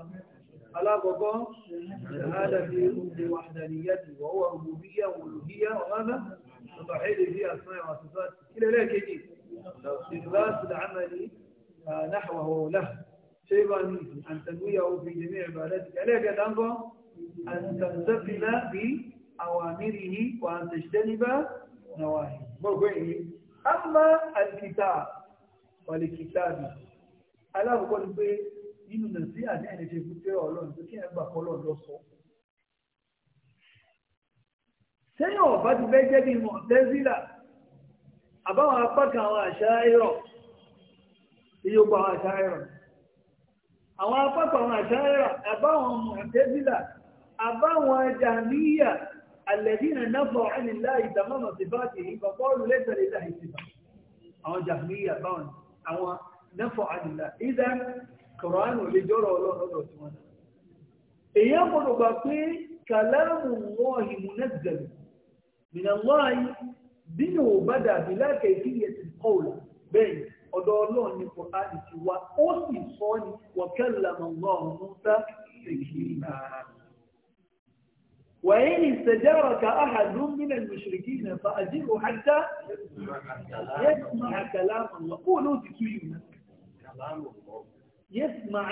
alákọ̀ọ́kọ́ ṣàhádà bí oúnjẹ wà dàníyà tì wọ́n wà olùbíyà olùbíyà ọ̀hánà ọba ẹ̀lẹ́ bí àtúnṣe àwọn àtúnṣe kílẹ̀ lẹ́ẹ̀kejì ìgbà sùdà àmàlí náà ṣé bá ní àtẹ̀gbéyàwó fi jẹ́ ní ẹ̀bà rẹ̀ ẹlẹ́gẹ̀ẹ́ta ń kọ́ àtẹ̀sẹ́fìlá bí àwàmírì yìí wà ń tẹ̀ṣẹ́ níbà náwà gbogbo èyí amma alkita walikita bi alákọ̀ọ́kọ́ ni pé nínú nà sí àti ẹni ṣe fún pé ọlọ́run tó kí ẹ gbà kọ́ lọ́dọ̀ sọ sẹ́yìn ọ̀bá ti fẹ́ jẹ́ bí mọ̀tẹ́sílà àbáwọn apá kan àwọn àṣà ẹ̀rọ iye gbogbo àwọn àṣà ẹ̀rọ ni àwọn apápọ̀ àwọn àṣáyà àbáwọn mọ̀tẹ́bílà àbáwọn jàmíyà alẹ́dínà náfọ̀ ẹnìlá ìdàmọ́nà ti bá ti ìgbà bọ́ọ̀lù lẹ́tẹ̀lẹ́ ìlà ìsìnkà àwọn jàmíyà báwọn àwọn náfọ̀ ẹnìlá ìdá kọ̀rọ̀ánù lè jọ́rọ̀ ọlọ́rọ̀ tí wọ́n èèyàn gbọ́dọ̀ gbà pé kàlámù wọn ìmúnẹ́gbẹ̀rẹ̀ mìnàlọ́ọ̀yì bí ni ò bá dàbí lákẹ̀ẹ́ ọ̀dọ̀ ọlọ́run ní kòránì ti wá ó sì sọ ní wọ̀kẹ́lẹ̀mọ̀ ọlọ́run múta tẹ̀kìlá wàyí ni ìsẹ̀jẹ́rọ̀ ka áhàdún mílẹ̀ mùsùlùmí nà fa àjíhù hajjá yẹ́sùmá àkàlámọ̀lá kó ló ti tú yìí yẹ́sùmá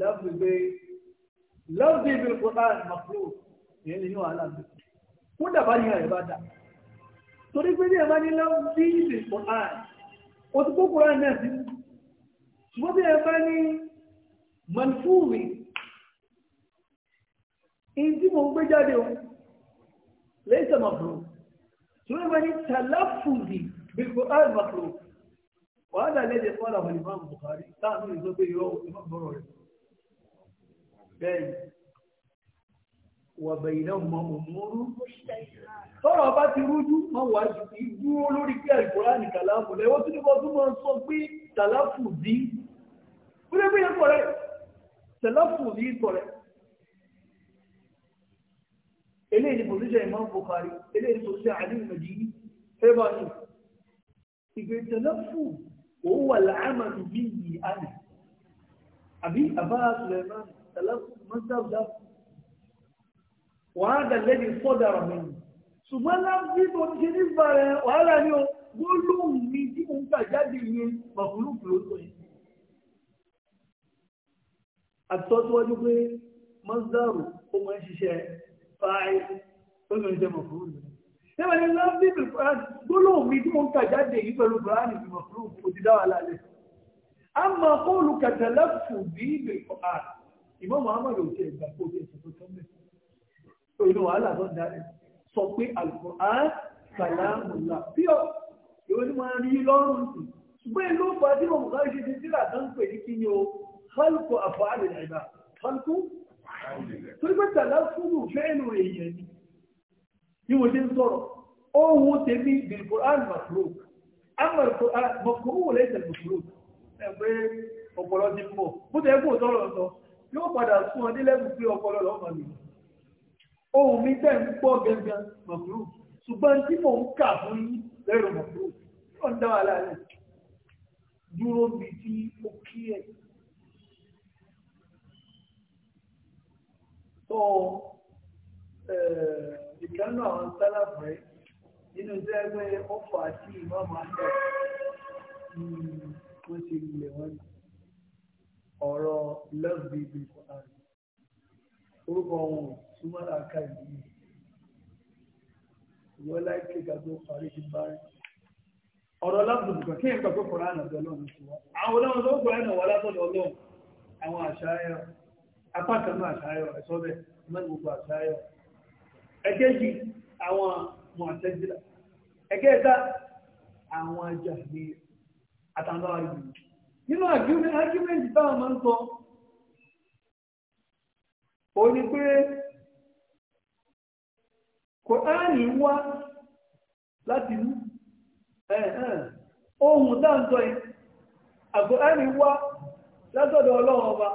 lọ́ọ̀bù gbé lọ́ọ̀bù ibi ìkọ́lá màkúrò èyí ni yóò hàlà mi kó dàbá ní àyè bá dà torí pé ní ẹ̀ bá ní lọ́ọ̀bù ibi ìkọ́lá o ti kó kúrò náà sí ṣùgbọ́n bí ẹ bá ní manfúùrì ìyí tí mo ń gbé jáde o lẹ́yìn tó màkúrò ṣùgbọ́n bá ní tàlàfùrì bí ìkọ́lá màkúrò wàhálà lẹ́yìn fọ́nà àwọn ìmáàmù Bukhari táàmì ìzọ́gbé yọ ìmáàmù bọ́rọ̀ rẹ̀ bẹ́ẹ̀ wọ̀bẹ̀ ìlẹ́ ọmọ òmúrú tọ́rọ bá ti rújú wọ́n wà jù kí dúró lórí pé àìkòrá ní kàláàmù lẹ́wọ́ tí nípa tó máa ń sọ pé tàláfù dí fúnlẹ̀ pé yẹn kọ̀rẹ́ tàláfù dí kọ̀rẹ́ eléyìí ni pòlíṣẹ́ Imam Bukhari eléyìí ni pòlíṣẹ́ àdínú Madini ẹ̀bà ìgbé tàláfù òun wà láàmà lùmí yìí àná àbí àbá Sulaiman tàláfù mọ́tàbù dákú wàhálà lẹ́yìn fọ́dàrà mi ṣùgbọ́n láti mo ti ní bàrẹ̀ wàhálà ni o gbólóhùn mi tí mo ń gbà jáde yẹn màkúlùkù ló sọ yẹn. àtọ́síwájú pé mọ́tàbù ó máa ń ṣiṣẹ́ fáì ó lè ṣe màkúlùkù. Ṣébà ni láti bí gbólóhùn mi tí mo ń gbà jáde yìí pẹ̀lú Bùránì màkúlùkù ti dá wàhálà lẹ̀. a máa kó olùkàtà láti fò bí ìbẹ̀ ìmọ̀ muhammed ò tiẹ̀ gbà kó tiẹ̀ sọ̀tọ̀ tó ń bẹ̀. tó inú wàhálà tó ń darí sọ pé alukur'an kàlámùlà píọ̀ ìwé ni wọ́n rí lọ́rùn sí. ṣùgbọ́n ìlú ọ̀pá tí mo mọ̀ká ṣe ti sílà tó ń pè ní kí ni o kálukú àfọ̀hálẹ̀ nàìjíríà kálukú. torí pé tàlá bí mo ṣe ń sọ̀rọ̀ ohun wò lẹ́sẹ̀ makro ẹgbẹ́ ọ̀pọ̀lọ́ ti tẹ́ kó tọ́rọ̀ sọ yóò padà fún ọ nílẹ́bù pé ọpọlọ lọ́mọ mi ohun mi tẹ̀ ń pọ̀ gangan mọ̀kúrú ṣùgbọ́n tí mò ń kà fún yín lẹ́rù mọ̀kúrú yóò ń dá wa láàrin dúró bí tí ó kí ẹ̀ tó ìkànnì àwọn sálàfù rẹ̀ nínú iṣẹ́ ẹgbẹ́ ọkọ̀ àti ìmọ̀ àmọ́ àṣà kò ṣe ilẹ̀ wọn ni. ọ̀rọ̀ lẹ́gbẹ̀ẹ́ ibi Quran orúkọ wọn súnmọ́ra ká ìlú mi ìwọ láìpẹ́ ìgbà parí ti bá ọ̀rọ̀ lẹ́gbẹ̀ẹ́ nìkan kí n gbà pé Quran àti ọlọ́run ti wá àwọn ọlọ́run tó gbọ́ ẹ̀nà wà látọ̀dọ̀ ọlọ́run àwọn àṣàyọ apá kan náà àṣàyọ ẹ̀sọ́ bẹ́ẹ̀ mẹ́rin gbogbo àṣàyọ ẹ̀kẹ́jì àwọn mọ̀ọ́tẹ́jìlá ẹ̀kẹ́ta àwọn ajá ní nínú argument táwọn máa ń ntọ. O ní pé kòtáàní ń wá ohun mú ohun dáńtọ́ yìí àkòtáàní wá látọ̀dọ̀ ọba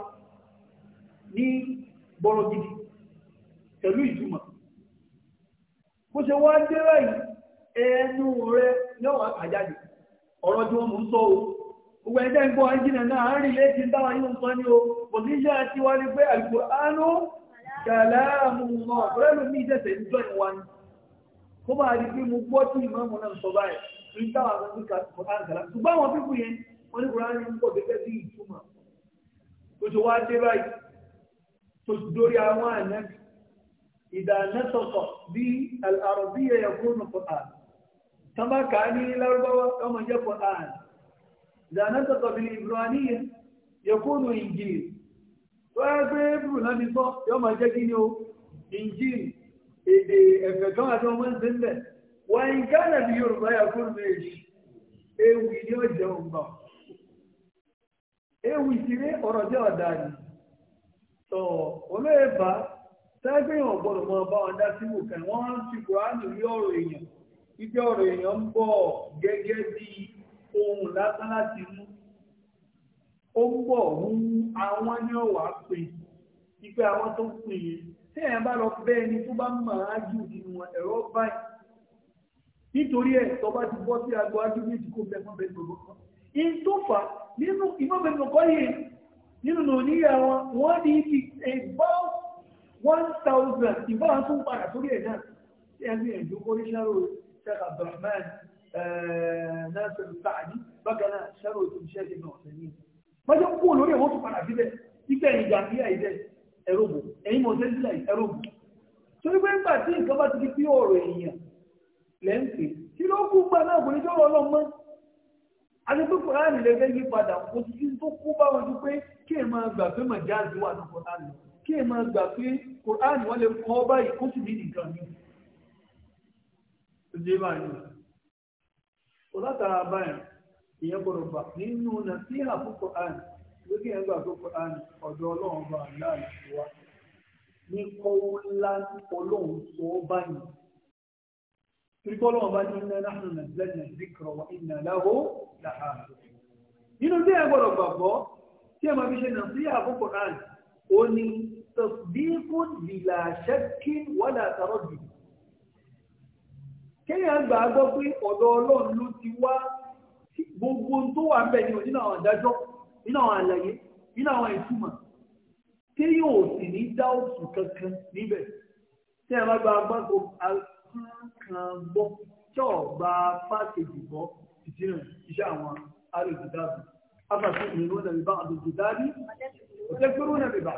ní gidi pẹ̀lú ìtumọ̀ bó ṣe wá dé báyìí ẹnu kàjáde ọ̀rọ̀ tí gbogbo ẹ̀dẹ́ ń gbọ́ ẹjìnà náà rí léjì dáwà yíò sọ ní o kò sí iṣẹ́ àti wá ní pé Al-Qur'anu kàlámù náà pẹ̀lú ní ìjẹsẹ̀ ìjọ ìwà ni kó bá rí pé mo gbọ́ tí ìmọ̀ náà sọ báyìí ní ń pọ̀ إذا نطق بالإبرانية يكون إنجيل وهذا يبرو لن يصح يوم جدينه إنجيل فكما تومن سنة وإن كان بيربى يكون ميش ewì ni ó jẹun gbà ewì ti rí ọ̀rọ̀ jẹ́ ọ̀dà ni tọ̀ olóòbá tẹ́gbẹ̀yàn gbọ́dọ̀ mọ́ bá wọn dá sí wùkẹ́ wọ́n ti kùránì rí ọ̀rọ̀ èèyàn ìjọ ọ̀rọ̀ èèyàn ń bọ̀ gẹ́gẹ́ bíi ohun lásán láti mú ó pọ̀ hún àwọn ní ọ̀wà pè ipe àwọn tó pè é tí èèyàn bá lọ bẹ́ ẹni tó bá mọ̀ á jù nínú ẹ̀rọ báyìí nítorí ẹ̀ tó bá ti bọ́ sí agbo ájú méjì kó bẹ́ẹ̀ mọ́bẹ́ gbogbo kan in tó fà nínú ìmọ̀bẹ̀ gbogbo yìí nínú òníyà wọn wọ́n ní ibi about one thousand ìbáwọn tó ń padà sórí ẹ̀ náà tí ẹni ẹ̀dógún oníṣẹ́ rò Sheikh Abdulrahman Nasiru Sa'adi bákan náà sẹ́rù òtún iṣẹ́ ti nà ọ̀sẹ̀ yìí. wọ́n jẹ́ kó lórí ìwọ́n tún padà síbẹ̀ ibẹ̀ ìjà ní àìdẹ̀ ẹ̀rọ̀bù ẹ̀yìn mọ̀ sẹ́sílẹ̀ ẹ̀rọ̀bù. torí pé nígbà tí nǹkan bá ti di pé ọ̀rọ̀ èèyàn lẹ́ ń pè kí ló kú gbà náà kò ní jọ́rọ̀ ọlọ́mọ. àti pé kòránì lè fẹ́ yí padà kò sí tó kú bá wọn ju pé kí ẹ máa gbà pé màjáàzì wà náà kòránì kí ẹ máa gbà pé kòránì wọn lè kọ́ báyìí kó sì ní nìkan ni kò látara báyìí ìyẹn gbọ́dọ̀ gbà nínú nàìjíríà fún kòránì lókè ẹgbà tó kòránì ọ̀dọ̀ ọlọ́run bá láàrin tó wá ní kọ́wó ńlá ọlọ́run tó báyìí torí kọ́ ọlọ́run bá ní iná náà nàìjíríà nàìjíríà wà iná láhó làhá nínú tí ẹ gbọ́dọ̀ gbàgbọ́ tí ẹ máa fi ṣe nàìjíríà fún kòránì ó ní tọ̀síkún bìlà ṣẹ́kín wàlà àtàrọ̀ dùn kéèyàn gbà á gbọ́ pé ọ̀dọ̀ ọlọ́run ló ti wá gbogbo tó wà ń bẹ̀ ní nínú àwọn àdájọ́ nínú àwọn àlàyé nínú àwọn ìtumọ̀ kéèyàn ò sì ní dá òsù kankan níbẹ̀ tí a bá gba agbáko kan gbọ́ tí ọ̀gbà pàṣẹjì gbọ́ ìdíran iṣẹ́ àwọn arìnrìndàbí afàṣẹ ìrìnnú nàbí bá àdùnkùdàbí òtẹ́gbẹ́rú nàbí bá.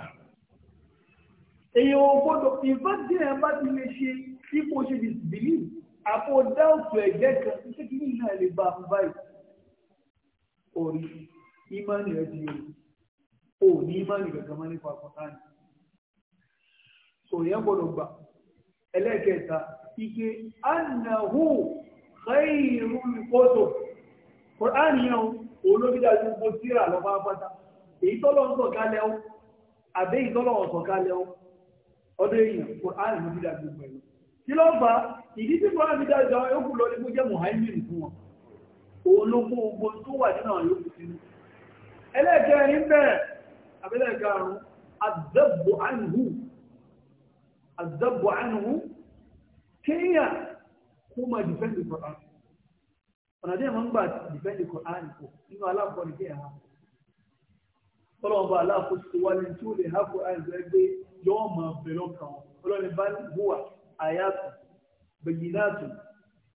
èèyàn ò gbọ́dọ̀ ìbádìí ẹ̀ bá ti lè ṣe ipò ṣe disbelief àpò dáùtù ẹ̀jẹ̀ kan ṣé kí nínú ẹ̀ lè bá a báyìí orí ìmánì rẹ̀ di o ní ìmánì kankan mọ́ nípa àkọ́tán òyìn gbọ́dọ̀ gbà ẹlẹ́kẹta ike annahu khairul kutub Qur'an yẹn síra lọ bá pátá èyí tọ́lọ̀ ń ọ ọdún èèyàn Qur'an kí ló bá ìdí tí bọ́lá fi dájọ́ ẹkù lọ nígbó jẹ́ mohamed fún wọn òun ló kó ogbó tó wà nínú àwọn yóò sínú ẹlẹ́ẹ̀kẹrin bẹ̀rẹ̀ abẹ́lẹ́ẹ̀karùn azabbo anhu azabbo anhu kíyà kó máa dìfẹ́ndì kọ̀ọ̀án ọ̀nà díẹ̀ máa ń gbà dìfẹ́ndì kọ̀ọ̀án kò nínú aláàbọ̀ ní kíyà hàn tọ́lọ́wọ́n bá aláàkóso wálé tí ó àyàtọ̀ bẹ̀yìnàtò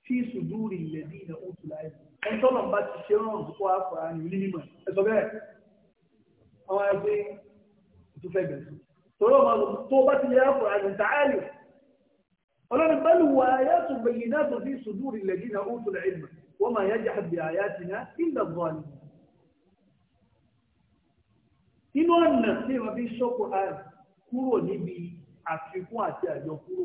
fi sùdúrì lẹ́bí ìnà òtù láì ẹni tọ́lọ̀ bá ti ṣe rán òkú àfàá ní orí mímọ̀ ẹ sọ bẹ́ẹ̀ àwọn ẹgbẹ́ tó fẹ́ bẹ̀rẹ̀ sí tọ́lọ̀ máa lọ tó bá ti lè àfàá ní tààlì ọlọ́run bẹ́lú wa àyàtọ̀ bẹ̀yìnàtò fi sùdúrì lẹ́bí ìnà òtù láì wọ́n máa yájà bí àyàtìná ilẹ̀ bọ́ọ̀lù inú ọ̀nà tí wọ́n fi ṣọ́kù àrùn kúrò níbi àfikún àti àjọkúrò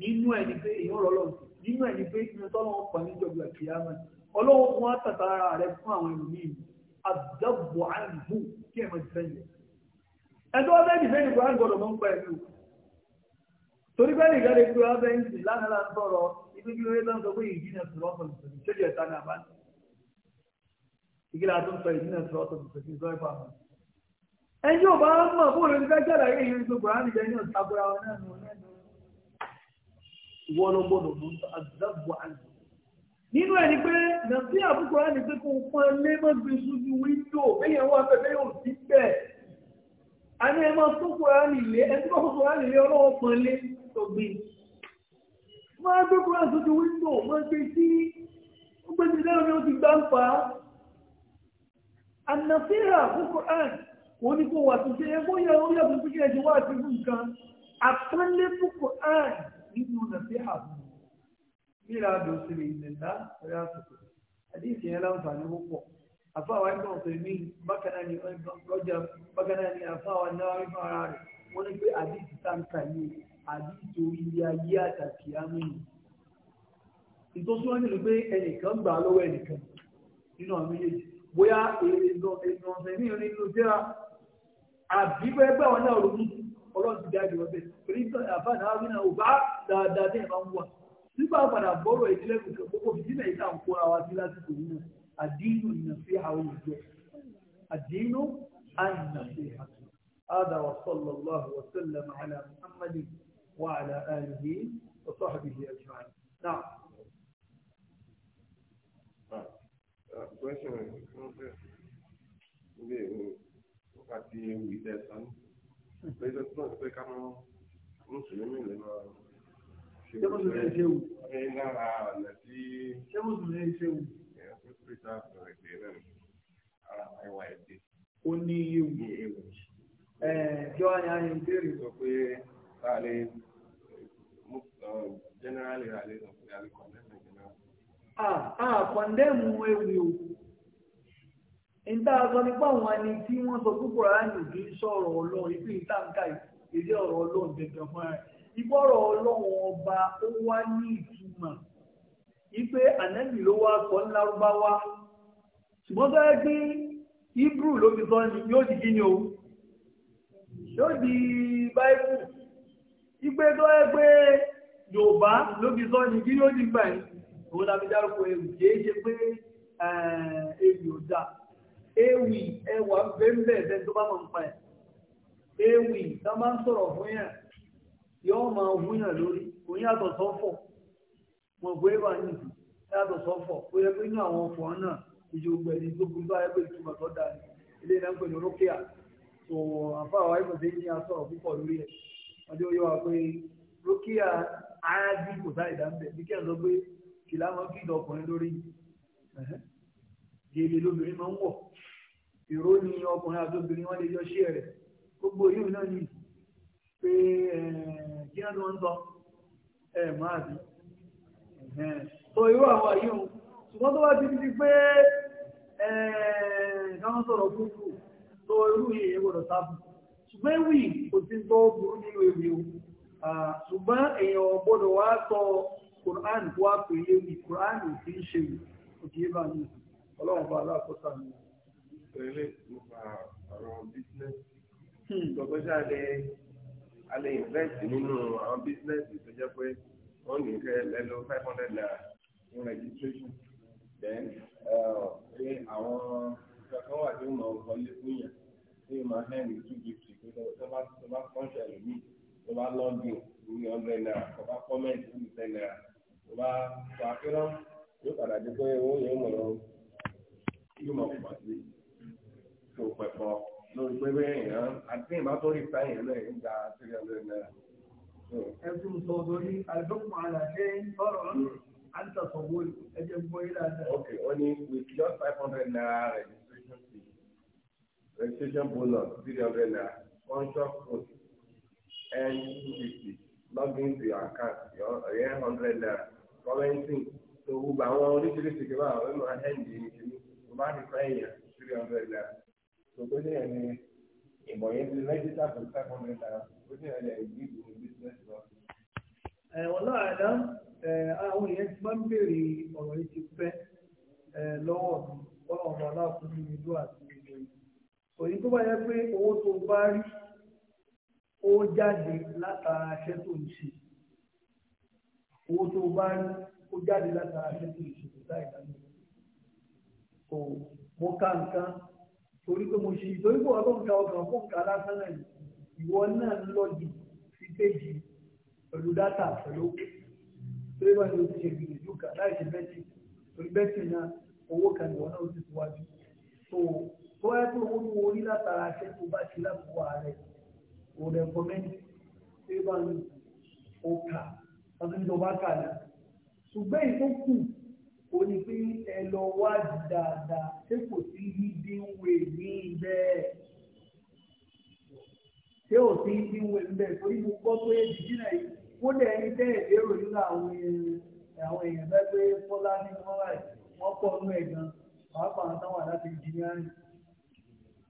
nínú ẹni pé èyí ọ̀rọ̀ lọ nínú ẹni pé inú tọ́lọ́wọ́ pa níjọba kìyàmá ọlọ́wọ́ fún wa tàtà ara rẹ fún àwọn ẹlòmíì àdàbọ̀ àìbù kí ẹ̀ máa dìfẹ́ yẹn ẹjọ́ ọbẹ̀ dìfẹ́ ní kòrán gbọ́dọ̀ mọ́ ń pa ẹ̀mí o torí bẹ́ẹ̀ nìkan lè pe ọbẹ̀ ń sì lánàá láti sọ̀rọ̀ ibi kí lóye lọ́sọ pé ìdínà sọ̀rọ̀tọ̀ nìkan ìṣẹ́jú ẹ̀ta ní abá ìgbìlá tó ń sọ ìdínà sọ̀rọ̀tọ̀ nìkan ìṣẹ́jú ẹ̀fà mọ́ ẹjọ́ ọba mọ̀ fún ìwọ ló gbọ́dọ̀ mú àgbàgbọ àgbà nínú ẹni pé nàbí àbúkọ á ní pé kó pọn lé má gbé sójú wíńdò bẹyẹn wọn afẹ bẹyẹn ò sí bẹ́ẹ̀ àní ẹ máa sókò á nílé ẹ tí wọn sókò á nílé ọlọ́wọ́ pọn lé tó gbé máa gbé kó á sójú wíńdò máa gbé sí ó gbé sí lẹ́nu ni ó ti gbá ń pa ànàfíà àbúkọ á wọn ni kó wà tó ṣe é bóyá ó yàtọ̀ sí kí ẹ ti wá àti fún nǹkan àpọ́nlé fún kò nínú nàṣíhà míra dòsìrì ìdìndá rẹ àsìkò àdìsí yẹn láǹfààní púpọ̀ àfáwà ẹgbẹ́ ọ̀sẹ̀ mi bákanáà ni ọjà bákanáà ni àfáwà náà rí fún ara rẹ̀ wọ́n ní pé àdìsí táǹkà yìí àdìsí orí ayé àtàkì àmìnì ìtọ́síwájú ni pé ẹnìkan gbà lọ́wọ́ ẹnìkan nínú àwọn méjèèjì bóyá èèyàn ọ̀sẹ̀ mi ò ní lọ síra àbí pé ẹgbẹ́ àwọn náà ronú sí ọlọ́run ti dáàbò wọn bẹ́ẹ̀ torí àfáàní àwọn náà ò bá dáadáa ní ẹ̀ma ń wà nígbà padà bọ́rọ̀ ìdílé kankan gbogbo fìdílé yìí náà ń kóra wa sí lásìkò yìí náà àdínú ìnàfẹ́ àwọn òjò àdínú àìnàfẹ́ àti هذا وصلى الله وسلم على محمد وعلى آله وصحبه أجمعين نعم Question, okay. Okay, okay. lẹ́jọ́ tó náà pé ká mọ́ mùsùlùmí lè máa ṣe mùsùlùmí ṣe wù. ní lára ọ̀nà tí. ṣé mùsùlùmí ṣe wù. èèyàn tó tó ìta àpẹẹrẹ ìpè náà ara ẹwà ẹdẹ. ó ní ewu. ewu. ẹ jọ ayé ń bèrè. sọ pé táà lè generally alẹ́ sọ pé alẹ́ kọ̀ọ̀lẹ́sẹ̀ general. a ah, a ah, kọ̀ndẹ́mù ewu ìta sọ nípa àwọn ẹni tí wọ́n sọ púpọ̀ ráàyè kì í sọ̀rọ̀ ọlọ́run ìpín ìtàǹkà ìdí ọ̀rọ̀ ọlọ́run gẹ̀gẹ̀ fún ẹ̀ ìgbọ́rọ̀ ọlọ́run ọba ó wá ní ìtumọ̀ ipe ànẹ́bì ló wá sọ ńlárúbáwá ṣùgbọ́n tó yẹ pé hebrew ló fi sọ ni yóò di kíni o yóò di báíbù ipe tó yẹ pé yorùbá ló fi sọ ni kí ni ó di gbà yín òun làbí dárúkọ èrò kì í ṣe pé èyí ewì ẹwà bẹ́ẹ̀ bẹ́ẹ̀ tó bá mọ̀ nípa ẹ̀ ewì tá máa ń sọ̀rọ̀ fún yàn yóò máa wú yàn lórí kò yàtọ̀ sọ́fọ̀ mọ̀ pé wà nìyí yàtọ̀ sọ́fọ̀ ó yẹ pé inú àwọn ọkọ̀ náà ìjọ gbẹ̀dì tó kú bá ẹgbẹ́ ìtumọ̀ tó dáa ní ilé náà ń pè ní rókíà tó àfáàwá ìbọ̀dé ní asọ̀rọ̀ púpọ̀ lórí ẹ̀ wọ́n dé yọ wa pé rókíà áádì kò sáà ìdá ń bẹ̀ bí kẹ́hìn sọ pé kìlá máa ń kí ìdọ̀ ọkùnrin lórí gèlè lóbìnrin máa ń wọ̀ ìró ni ọkùnrin àtòbìnrin wọn lè yọ ṣé rẹ̀ gbogbo yìí náà ni pé eh, kí wọ́n tó ń sọ ẹ̀ máa bí so irú àwọn yìí o ṣùgbọ́n tó bá ti di pé eh, káwọn sọ̀rọ̀ kúrú tó irú yìí gbọ́dọ̀ sábà ṣùgbọ́n ìwì kò sí tó burú nínú ìwì o ṣùgbọ́n èèyàn gbọ́dọ̀ wá sọ Quran kó wá pè é ìwì Quran ò ṣe òkè bá mi ọlọ́run bá aláàkọ́sà mi tẹ̀lé nípa ọ̀rọ̀ bísínẹ́sì. Gbogbo ṣáà lè a lè invest nínú hmm. àwọn bísínẹ́sì tó jẹ́ pé wọ́n ní kẹ́ lẹ́nu five hundred naira fún registration. Then ṣé eh, eh, àwọn kankan wà tí mo wọlé fún yàn ṣé máa hẹ́n ní two fifty tó bá tó bá kọ́ńṣẹ̀ lómi tó bá lọ́ọ̀dù ní hundred naira tó bá kọ́mẹ̀ntì ní ten naira tó bá tó àfihàn yóò padà di pé owó yẹn mọ̀ lọ́wọ́ yóò mọ̀ pàṣẹ tó pẹ̀pọ̀ lórí pé bẹ́ẹ̀ yẹn àti ìbá tó rí sáyẹn náà ń gba three hundred naira. ẹkùn sọ̀rọ̀ ní àdókùn àlàyé ọ̀rọ̀ àǹtàsọ̀wò ẹ̀jẹ̀ gbọ́ yìí dáadáa. ok wọ́n ní with just five hundred naira registration fee registration bonus three hundred naira contract code n two fifty login to your account your eight hundred naira commenting so gbogbo àwọn oríṣiríṣi kí wọ́n àwọn ẹ̀mọ́ ẹ̀ǹdì ìṣẹ́ni tó bá ti fẹ́ yẹn three hundred naira gbogbo yẹn ni ìmọ̀ yẹn ti ninety five to five hundred naira gbogbo yẹn lè gbé ìgbòho business lọ. ẹ̀wọ̀n náà àdá àwọn èèyàn ti máa ń béèrè ọ̀rọ̀ yìí ti pẹ́ lọ́wọ́ mi bọ́lá ọmọ aláàfin mi ìlú àti ìlú yìí. òyìn tó bá yẹ pé owó tó bá rí ó jáde látara aṣẹ́ tó ń ṣe owó tó bá rí ó jáde látara aṣẹ́ tó ń ṣe kò sáì dánilẹ̀. mo ká nǹkan torí pé mo ṣe ìtorí pé ọlọ́run ka ọkàn fún nǹkan lásán náà ìwọ náà ń lọ jù sí péjì pẹ̀lú dátà pẹ̀lú òkè torí bá ní o ti ṣe gbìyànjú kan láì ṣe bẹ́tì torí bẹ́tì náà owó kan ìwọ náà ó ti síwájú tó tó ẹ pé owó ní orí látara ṣe tó bá ṣe lábùwà rẹ kò rẹ̀kọ́mẹ́ntì torí bá ní wọ́n ti ń lọ kà náà ṣùgbọ́n ìtókù ó ní pé ẹ lọ wádìí dáadáa ṣé kò sí hidden way ní ibẹ̀ ṣé ò sí hidden way ń bẹ̀ torí mo gbọ́ pé jìjìnà yìí wọ́n dẹ̀ ẹni tẹ́ ìbéèrè nínú àwọn àwọn èèyàn bẹ́ẹ̀ pé fọlá ní wọ́n wà wọ́n pọ̀ nínú ẹ̀ gan pàápàá táwọn àdáṣe engineering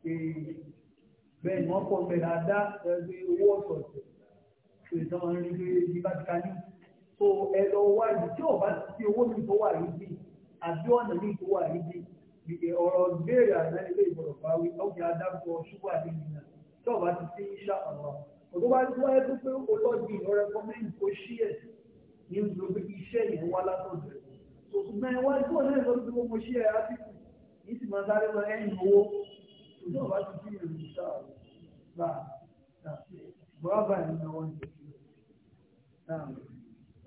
ṣe bẹ́ẹ̀ ni wọ́n pọ̀ mẹ́ta dá ẹgbẹ́ owó ọ̀sọ̀ọ̀sẹ̀ ṣe ìtàn rí pé bí bá ti ka ní so ẹ lọ wá ibi tí ọba ti owó mi tó wà níbí àbí ọ̀nà mi tó wà níbí ọ̀rọ̀ béèrè àdánilé ìgbọ̀dọ̀ bá wí ọ̀gbìn adágún ọṣùgbọ́ àdéhùn náà tí ọba ti fi ṣá ọ̀nà òtó bá ti wáyé tó pé ó lọ́ọ̀dì ìrọ̀rẹ́ gọ́ọ̀mẹ́ntì kò ṣí ẹ̀ ní ìlú pé iṣẹ́ yẹn wá látọ̀dọ̀ ṣùgbọ́n ẹwà tí wọ́n náà lọ́dún gbogbo ṣí ẹ̀ áfíkù ní sì máa sáré lọ ẹ̀yìn owó ṣùgbọ́n ọba ti fi ìrìn sáà gbà gbà bàbá ẹ̀ náà wọ́n ti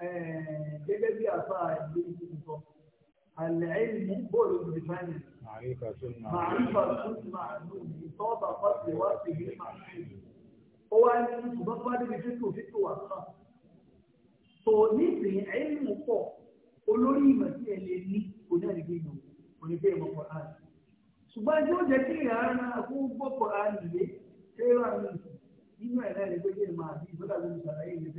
Eh, gẹ́gẹ́ bí àfa ìlú ìsìnkú àlẹ́ẹ̀lì bóòlù ìdìbáyìn màrífà tún màánù ìtọ́ba pàṣẹ wá sí ìlú màánù ó wá ní ṣùgbọ́n tó bá débi fífò fífò wà sàn tó nísìnyí ẹ̀yìn pọ̀ olórí ìmọ̀ tí ẹ lè ní onídàgbé ìlú onígbé ìmọ̀ Quran ṣùgbọ́n tí ó jẹ́ kí ìyára kó gbọ́ Quran yìí ṣé wà ní ìlú ìmọ̀ ẹ̀rẹ́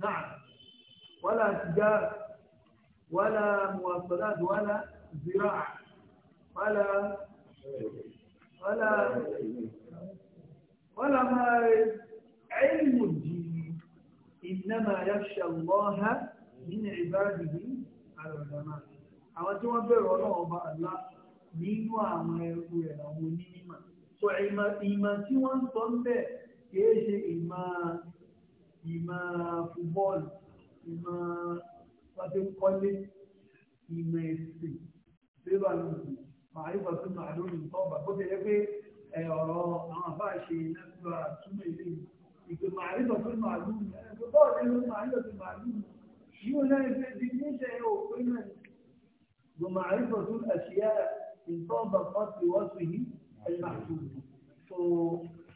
نعم ولا تجارة ولا مواصلات ولا زراعة ولا ولا ولا ما علم الدين إنما يخشى الله من عباده على àwọn tí wọ́n bẹ̀rẹ̀ ọlọ́run ọba àlá nínú àwọn ẹrú rẹ̀ àwọn onímọ̀ sọ ìmọ̀ tí wọ́n ń sọ ń bẹ̀ kìí ṣe ìmọ̀ ìmọ̀ fúbọ́ọ̀lù ìmọ̀ pátánkọ́lé ìmọ̀ ẹ̀sìn lébà lóògùn màálùbà tó màálù ní tọ́ba bó ti yẹ pé ọ̀rọ̀ àwọn àbá ṣe lẹ́gbẹ̀ẹ́ àtúmọ̀ ilé ìpè màálùbà tó màálù ní ẹgbẹ́ bọ́ọ̀lù ló màálùbà tó màálù yíò náà ṣe ti ní ṣe òpin náà gbọmàálùbà tó àṣìyá ìtọ́ba pàṣẹ yìí ẹ̀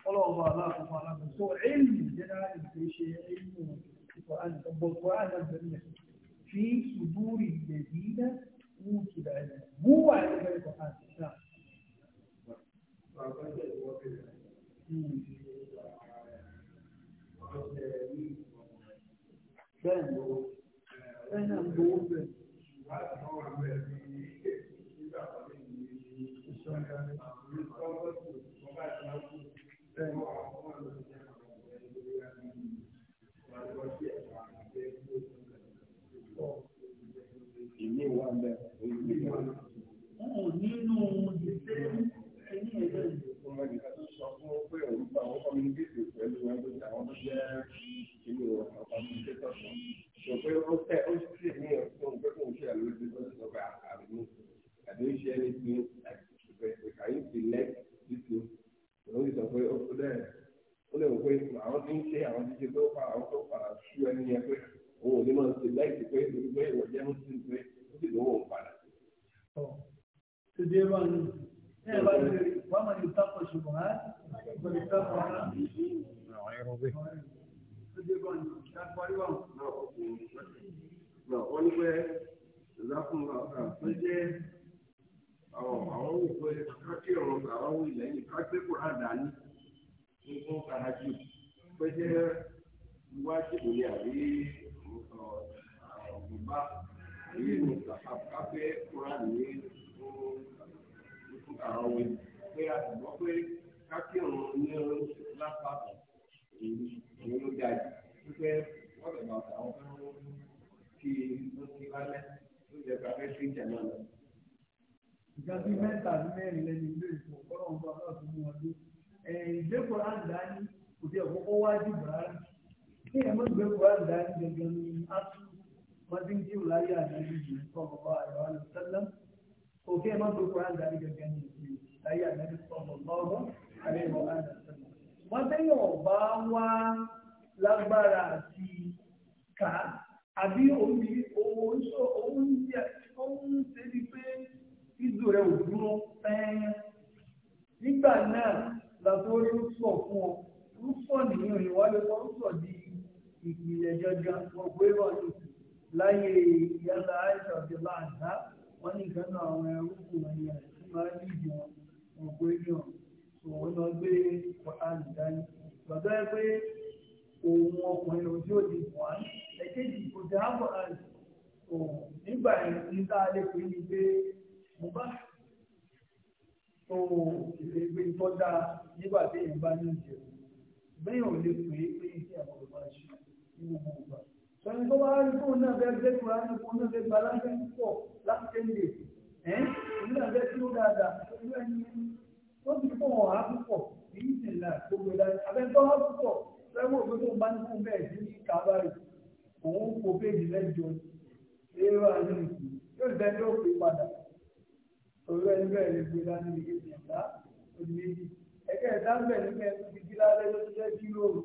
ọlọ́run aláàfin fún aláàfin so ilmu jẹ́nà ìpè ṣe ilmu ìfọ̀hán ìfọ̀hán ìfọ̀hán fi sùdúrì lẹ́dínà wù kìlà ẹ̀ mú wà nípa ìfọ̀hán náà. Bẹ́ẹ̀ni, bẹ́ẹ̀ni, àwọn gbowó bẹ́ẹ̀. Ìmí wà gẹ́gẹ́ ní asu wọ́n ti ń kí wùláyé àdáyé yìí sọ̀rọ̀ bá àyọ̀ àlọ́ sẹ́lẹ̀ òkè má tó kúrò àdáyé gẹ́gẹ́ ní ìlú láyé àdáyé sọ̀rọ̀ lọ́rọ̀ àyẹ̀wò àlọ́ sẹ́lẹ̀. wọ́n tẹ́yìn ọ̀bá wá lágbára àti kà àbí omi òun sọ òun jẹ òun ṣe ni pé ìdò rẹ ò dúró pẹ́ẹ́n nígbà náà làbó rúṣọ̀ fún ọ rúṣọ̀ nìyẹn ìwádìí kan rúṣọ̀ di ìpìlẹ̀ jọjọ́ gbogbo ìwọ̀n láyé ìyálà àìsàn ti bá àdá wọ́n ní ìkan náà àwọn ẹrúkùn ẹ̀yà tí máa ń dìbò gbogbo ìwọ̀n òun lọ gbé pọ̀tánì dání. Gbàgbọ́ ẹ pé òun ọkùnrin ojú òdì kò dé òun nígbà lè pè ní pé mo bá tó tó dáa nígbà tí èèyàn bá ní ìjẹun bẹ́ẹ̀ ò lè pè é pé àwọn gbogbo ìgbà. sọ̀rọ̀ tó bá rí fóun náà fẹ́ gbé kura ní fóun náà fẹ́ gba láńfẹ́ púpọ̀ láti ṣe ń lè ẹ́ òun náà fẹ́ tí ó dáadáa pẹ̀lú ẹni tó ti fún ọ̀há púpọ̀ èyí sì là gbogbo ìlà abẹ́tọ́ ọ̀há púpọ̀ fẹ́wọ́ òfin tó bá ní fún bẹ́ẹ̀ sí ní kábàárì òun kò péjì lẹ́jọ́ ẹ̀rọ àyẹ̀kù yóò bẹ́ẹ̀ ló pè padà òru ẹni bẹ́ẹ̀ lè gbé dání ní ìgbìyànjá òdì méjì ẹ̀kẹ́ ẹ̀dá ń bẹ̀ nígbà tó ti di lálẹ́ ló ti jẹ́ kí lóòrùn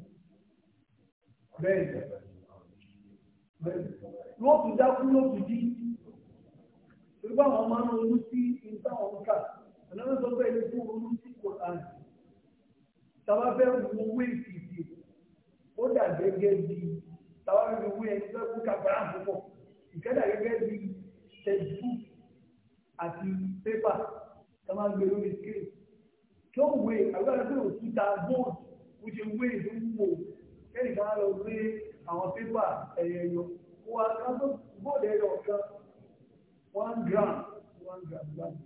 bẹ́ẹ̀ wọ́n ti dákú ló ti dí nígbà wọn máa ń ronú sí ìta wọn kà ẹ̀nàmọ́ sọ pé ẹni tó ronú sí Quran tàbá fẹ́ wo wé ìfìdí ó dà gẹ́gẹ́ bí tàbá fẹ́ wo ẹni tó kú kàkàrà púpọ̀ ìkẹ́dà gẹ́gẹ́ bí textbook àti pépà tàbá gbé lórí scale tó wé àgbàdo òkúta gold ó ṣe wé ìdúró kẹ́lì kan lọ rí àwọn pépà ẹ̀yẹ ẹ̀yọ wà kan tó bóde ẹ̀yọ kan one gram one gram báyìí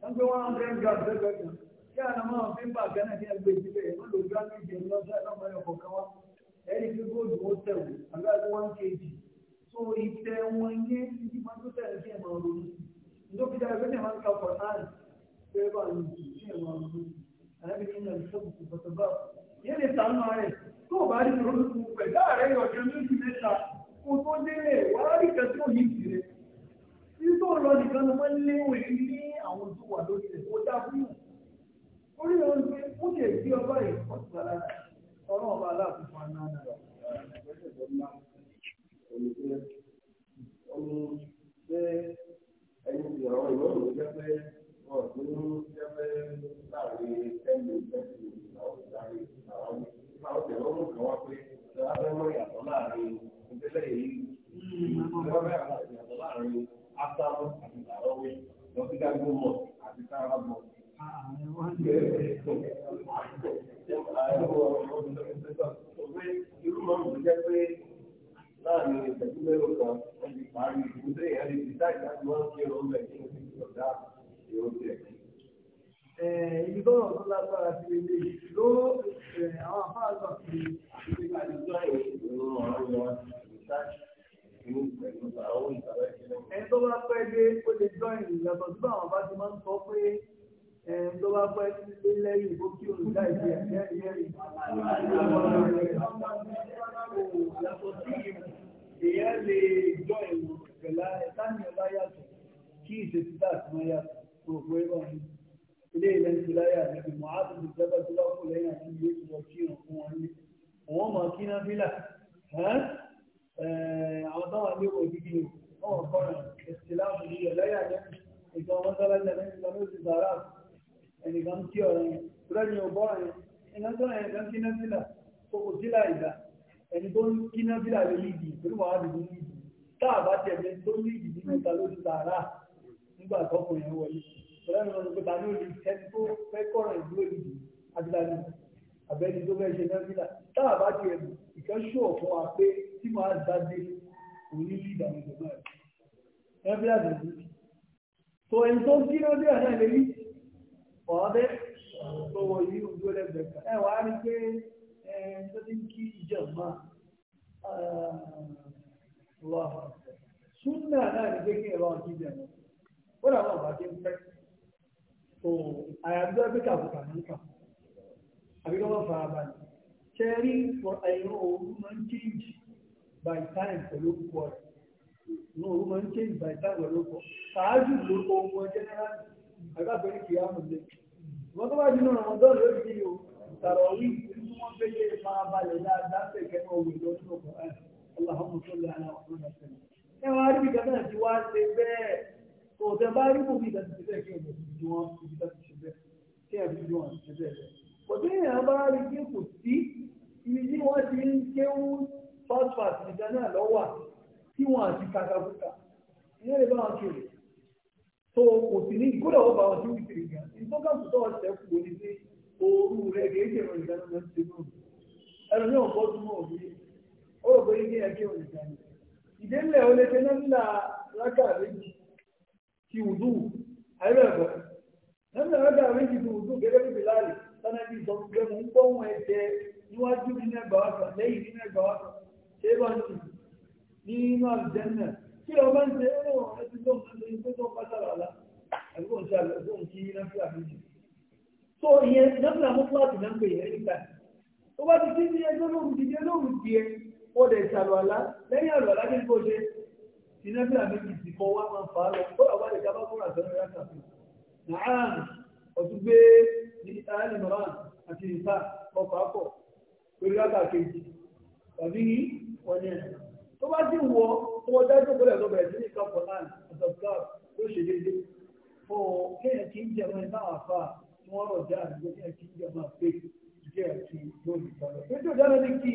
wọ́n gbé one hundred gram lẹ́gbẹ̀ẹ́ kan kí àwọn ọmọ pépà gánà ní ẹgbẹ́ ìdílé ẹ̀ lọ́dọ̀ gram méje lọ́sẹ̀ lọ́mọ ẹ̀yọ kọ̀ọ̀kan wá ẹ̀rí pé góòlù ó tẹ̀wé àgbà one kg so ìtẹ̀ wọn yé ibi máa tó tẹ̀lé kí ẹ̀ máa ronú nítorí dára pé ní àwọn kan kọ̀ náà pé bá a ẹ̀ máa tó bá rí ìrọ̀ lóṣù pẹ̀ láàrẹ́ ọjọ́ lóṣù mẹ́ta kó tó délé wá rí kan tí ò ní ìdílé tí tó lọ nìkan ló máa ń léwè ní àwọn tó wà lórí rẹ̀ kó dá fún yàn orí wọn pé ó lè gbé ọba yìí kọ́ sí ara ọba aláàfin fún aná náà ọmọ ṣe ẹni tí àwọn ìwọ́n ò jẹ́ pé wọ́n ò tún jẹ́ pé láàrin ẹni ìjẹ́ ló mú wá pé abẹ́mọ́ ìyàtọ̀ láàrin ìdílé yìí abẹ́mọ́ ìyàtọ̀ láàrin ásámú àti ìdàrọ́wé lọ àti sáárá mọ̀. ẹ̀rọ òru máa ń change by time pẹ̀lú orúkọ rẹ̀ ní òru máa ń change by time pẹ̀lú orúkọ ṣáájú ló kọ ohun general àgbàgbẹ́ ní kìí àmọ̀ lé wọ́n tó bá dín náà wọ́n dọ́ọ̀lù ó di o tààrọ̀ wí tí wọ́n fẹ́ yé máa balẹ̀ dáadáa fẹ́ kẹ́ náà wò lọ nínú ọkọ̀ ẹ̀ aláhàmù tó lè ara ọ̀rọ̀ náà sẹ́yìn. ẹ wá rí ìgbà náà tí wàá ṣe bẹ́ẹ̀ tó bá rí bòmí ìgbà tó ti bẹ́ẹ̀ kí ọ̀dọ̀ ti wọn bẹ́ẹ̀ kí ẹ̀ fi wọn ṣe bẹ́ẹ̀ ibi tí wọ́n ti ń kéwú first part nìkan náà lọ́wọ́ tí wọ́n àti kàkàkùkà ìyẹn lè bá wọn kéré tó kò sí ní gbọ́dọ̀ ọba wọn tí wọ́n ti rí gan ní tó kàn tó ọ̀sẹ̀ kù ó ní pé ooru rẹ̀ kì í ṣe ìròyìn ìdáná náà ti mú ẹnu ní ọ̀pọ̀ tó mọ̀ òbí ó rò pé ilé ẹgbẹ́ òun ìdáná ìdélẹ̀ ó lè ṣe náà nílà rákà méjì ti wùdú àìrẹ̀bọ̀ náà nílà rákà méjì ti wùdú gẹ́gẹ́ níwájú nínú ẹgbà ọ̀tọ̀ lẹ́yìn nínú ẹgbà ọ̀tọ̀ ṣé bá ń sìn nínú àlùjẹ́nà kí lọ bá ń ṣe ẹ̀rọ ọ̀rẹ́ ti tó nǹkan lóyún tó tó ń pátá lọ́la àbúkò ń ṣe àlùkò ń kí náfíà méjì. tó ìyẹn náfíà mú fúláàtì náà ń pè yẹn nígbà tó bá ti kí ní ẹjọ́ lóhùn ti dé lóhùn ti ẹ ó dẹ̀ ṣàlùwàlá lẹ́yìn àlùwàlá kí kò ṣe ti náfíà méjì ti kọ́ wá máa fà á lọ kó làwọn àdìgbà bá kúrò àtọ́nà yá sàfihàn. nàá ọ̀tún gbé ní àyànnìmọ̀ràn àti ìfà ọkọ̀ àpọ̀ lórí rákà kejì tàbí wọn ní ẹ̀. tó bá sì wọ owó dájú gbọdọ̀ tó bẹ̀rẹ̀ sí ní kan for land as of God ló ṣe déédéé fún ọ kéèyàn kí ń jẹ mọ́ iná àfa tí wọ́n rọ̀ já àdúgbò kéèyàn kí ń jẹ mọ́ pé jẹ́ àti lórí ìtọ́lọ̀. pé tó dáná ní kí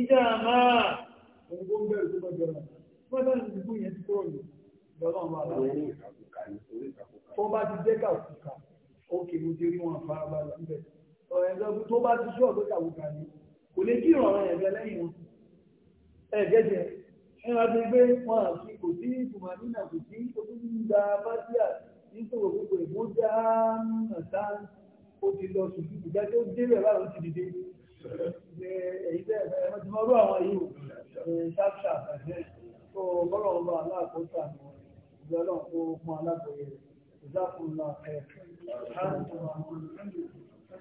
ìjà máa òun kó ń tó bọ̀ jọra. wọ́n bá ní ìdìbò yẹn ti kúrò ní ìjọba àwọn àlàyé ẹ̀ẹ́dọ́gbọ́n tó bá ti ṣọ́ ọ̀dọ́ ìyàwó gàrí kò lè kí ìrọ̀rùn ẹ̀gẹ́ lẹ́yìn wọn ẹ̀ẹ́dẹ́jẹ́ ẹ̀rọ ti gbé wọn àti kò sí ìtumọ̀ nínà kò sí ojú gba fásíà nítorí gbogbo ìmúdá nàta ó ti lọ sùkú ìgbà tó débẹ̀ báwọn ti dìde èyí tẹ́ ẹ̀rọ ti máa rú àwọn yìí ò ṣáṣà àtàjẹ́ tó bọ́lọ̀ ń bá aláàkóso àwọn ìgbà náà tó pọn alágbòye rẹ̀ ìzákùnlá ẹ̀ẹ́dẹ́gbẹ̀rún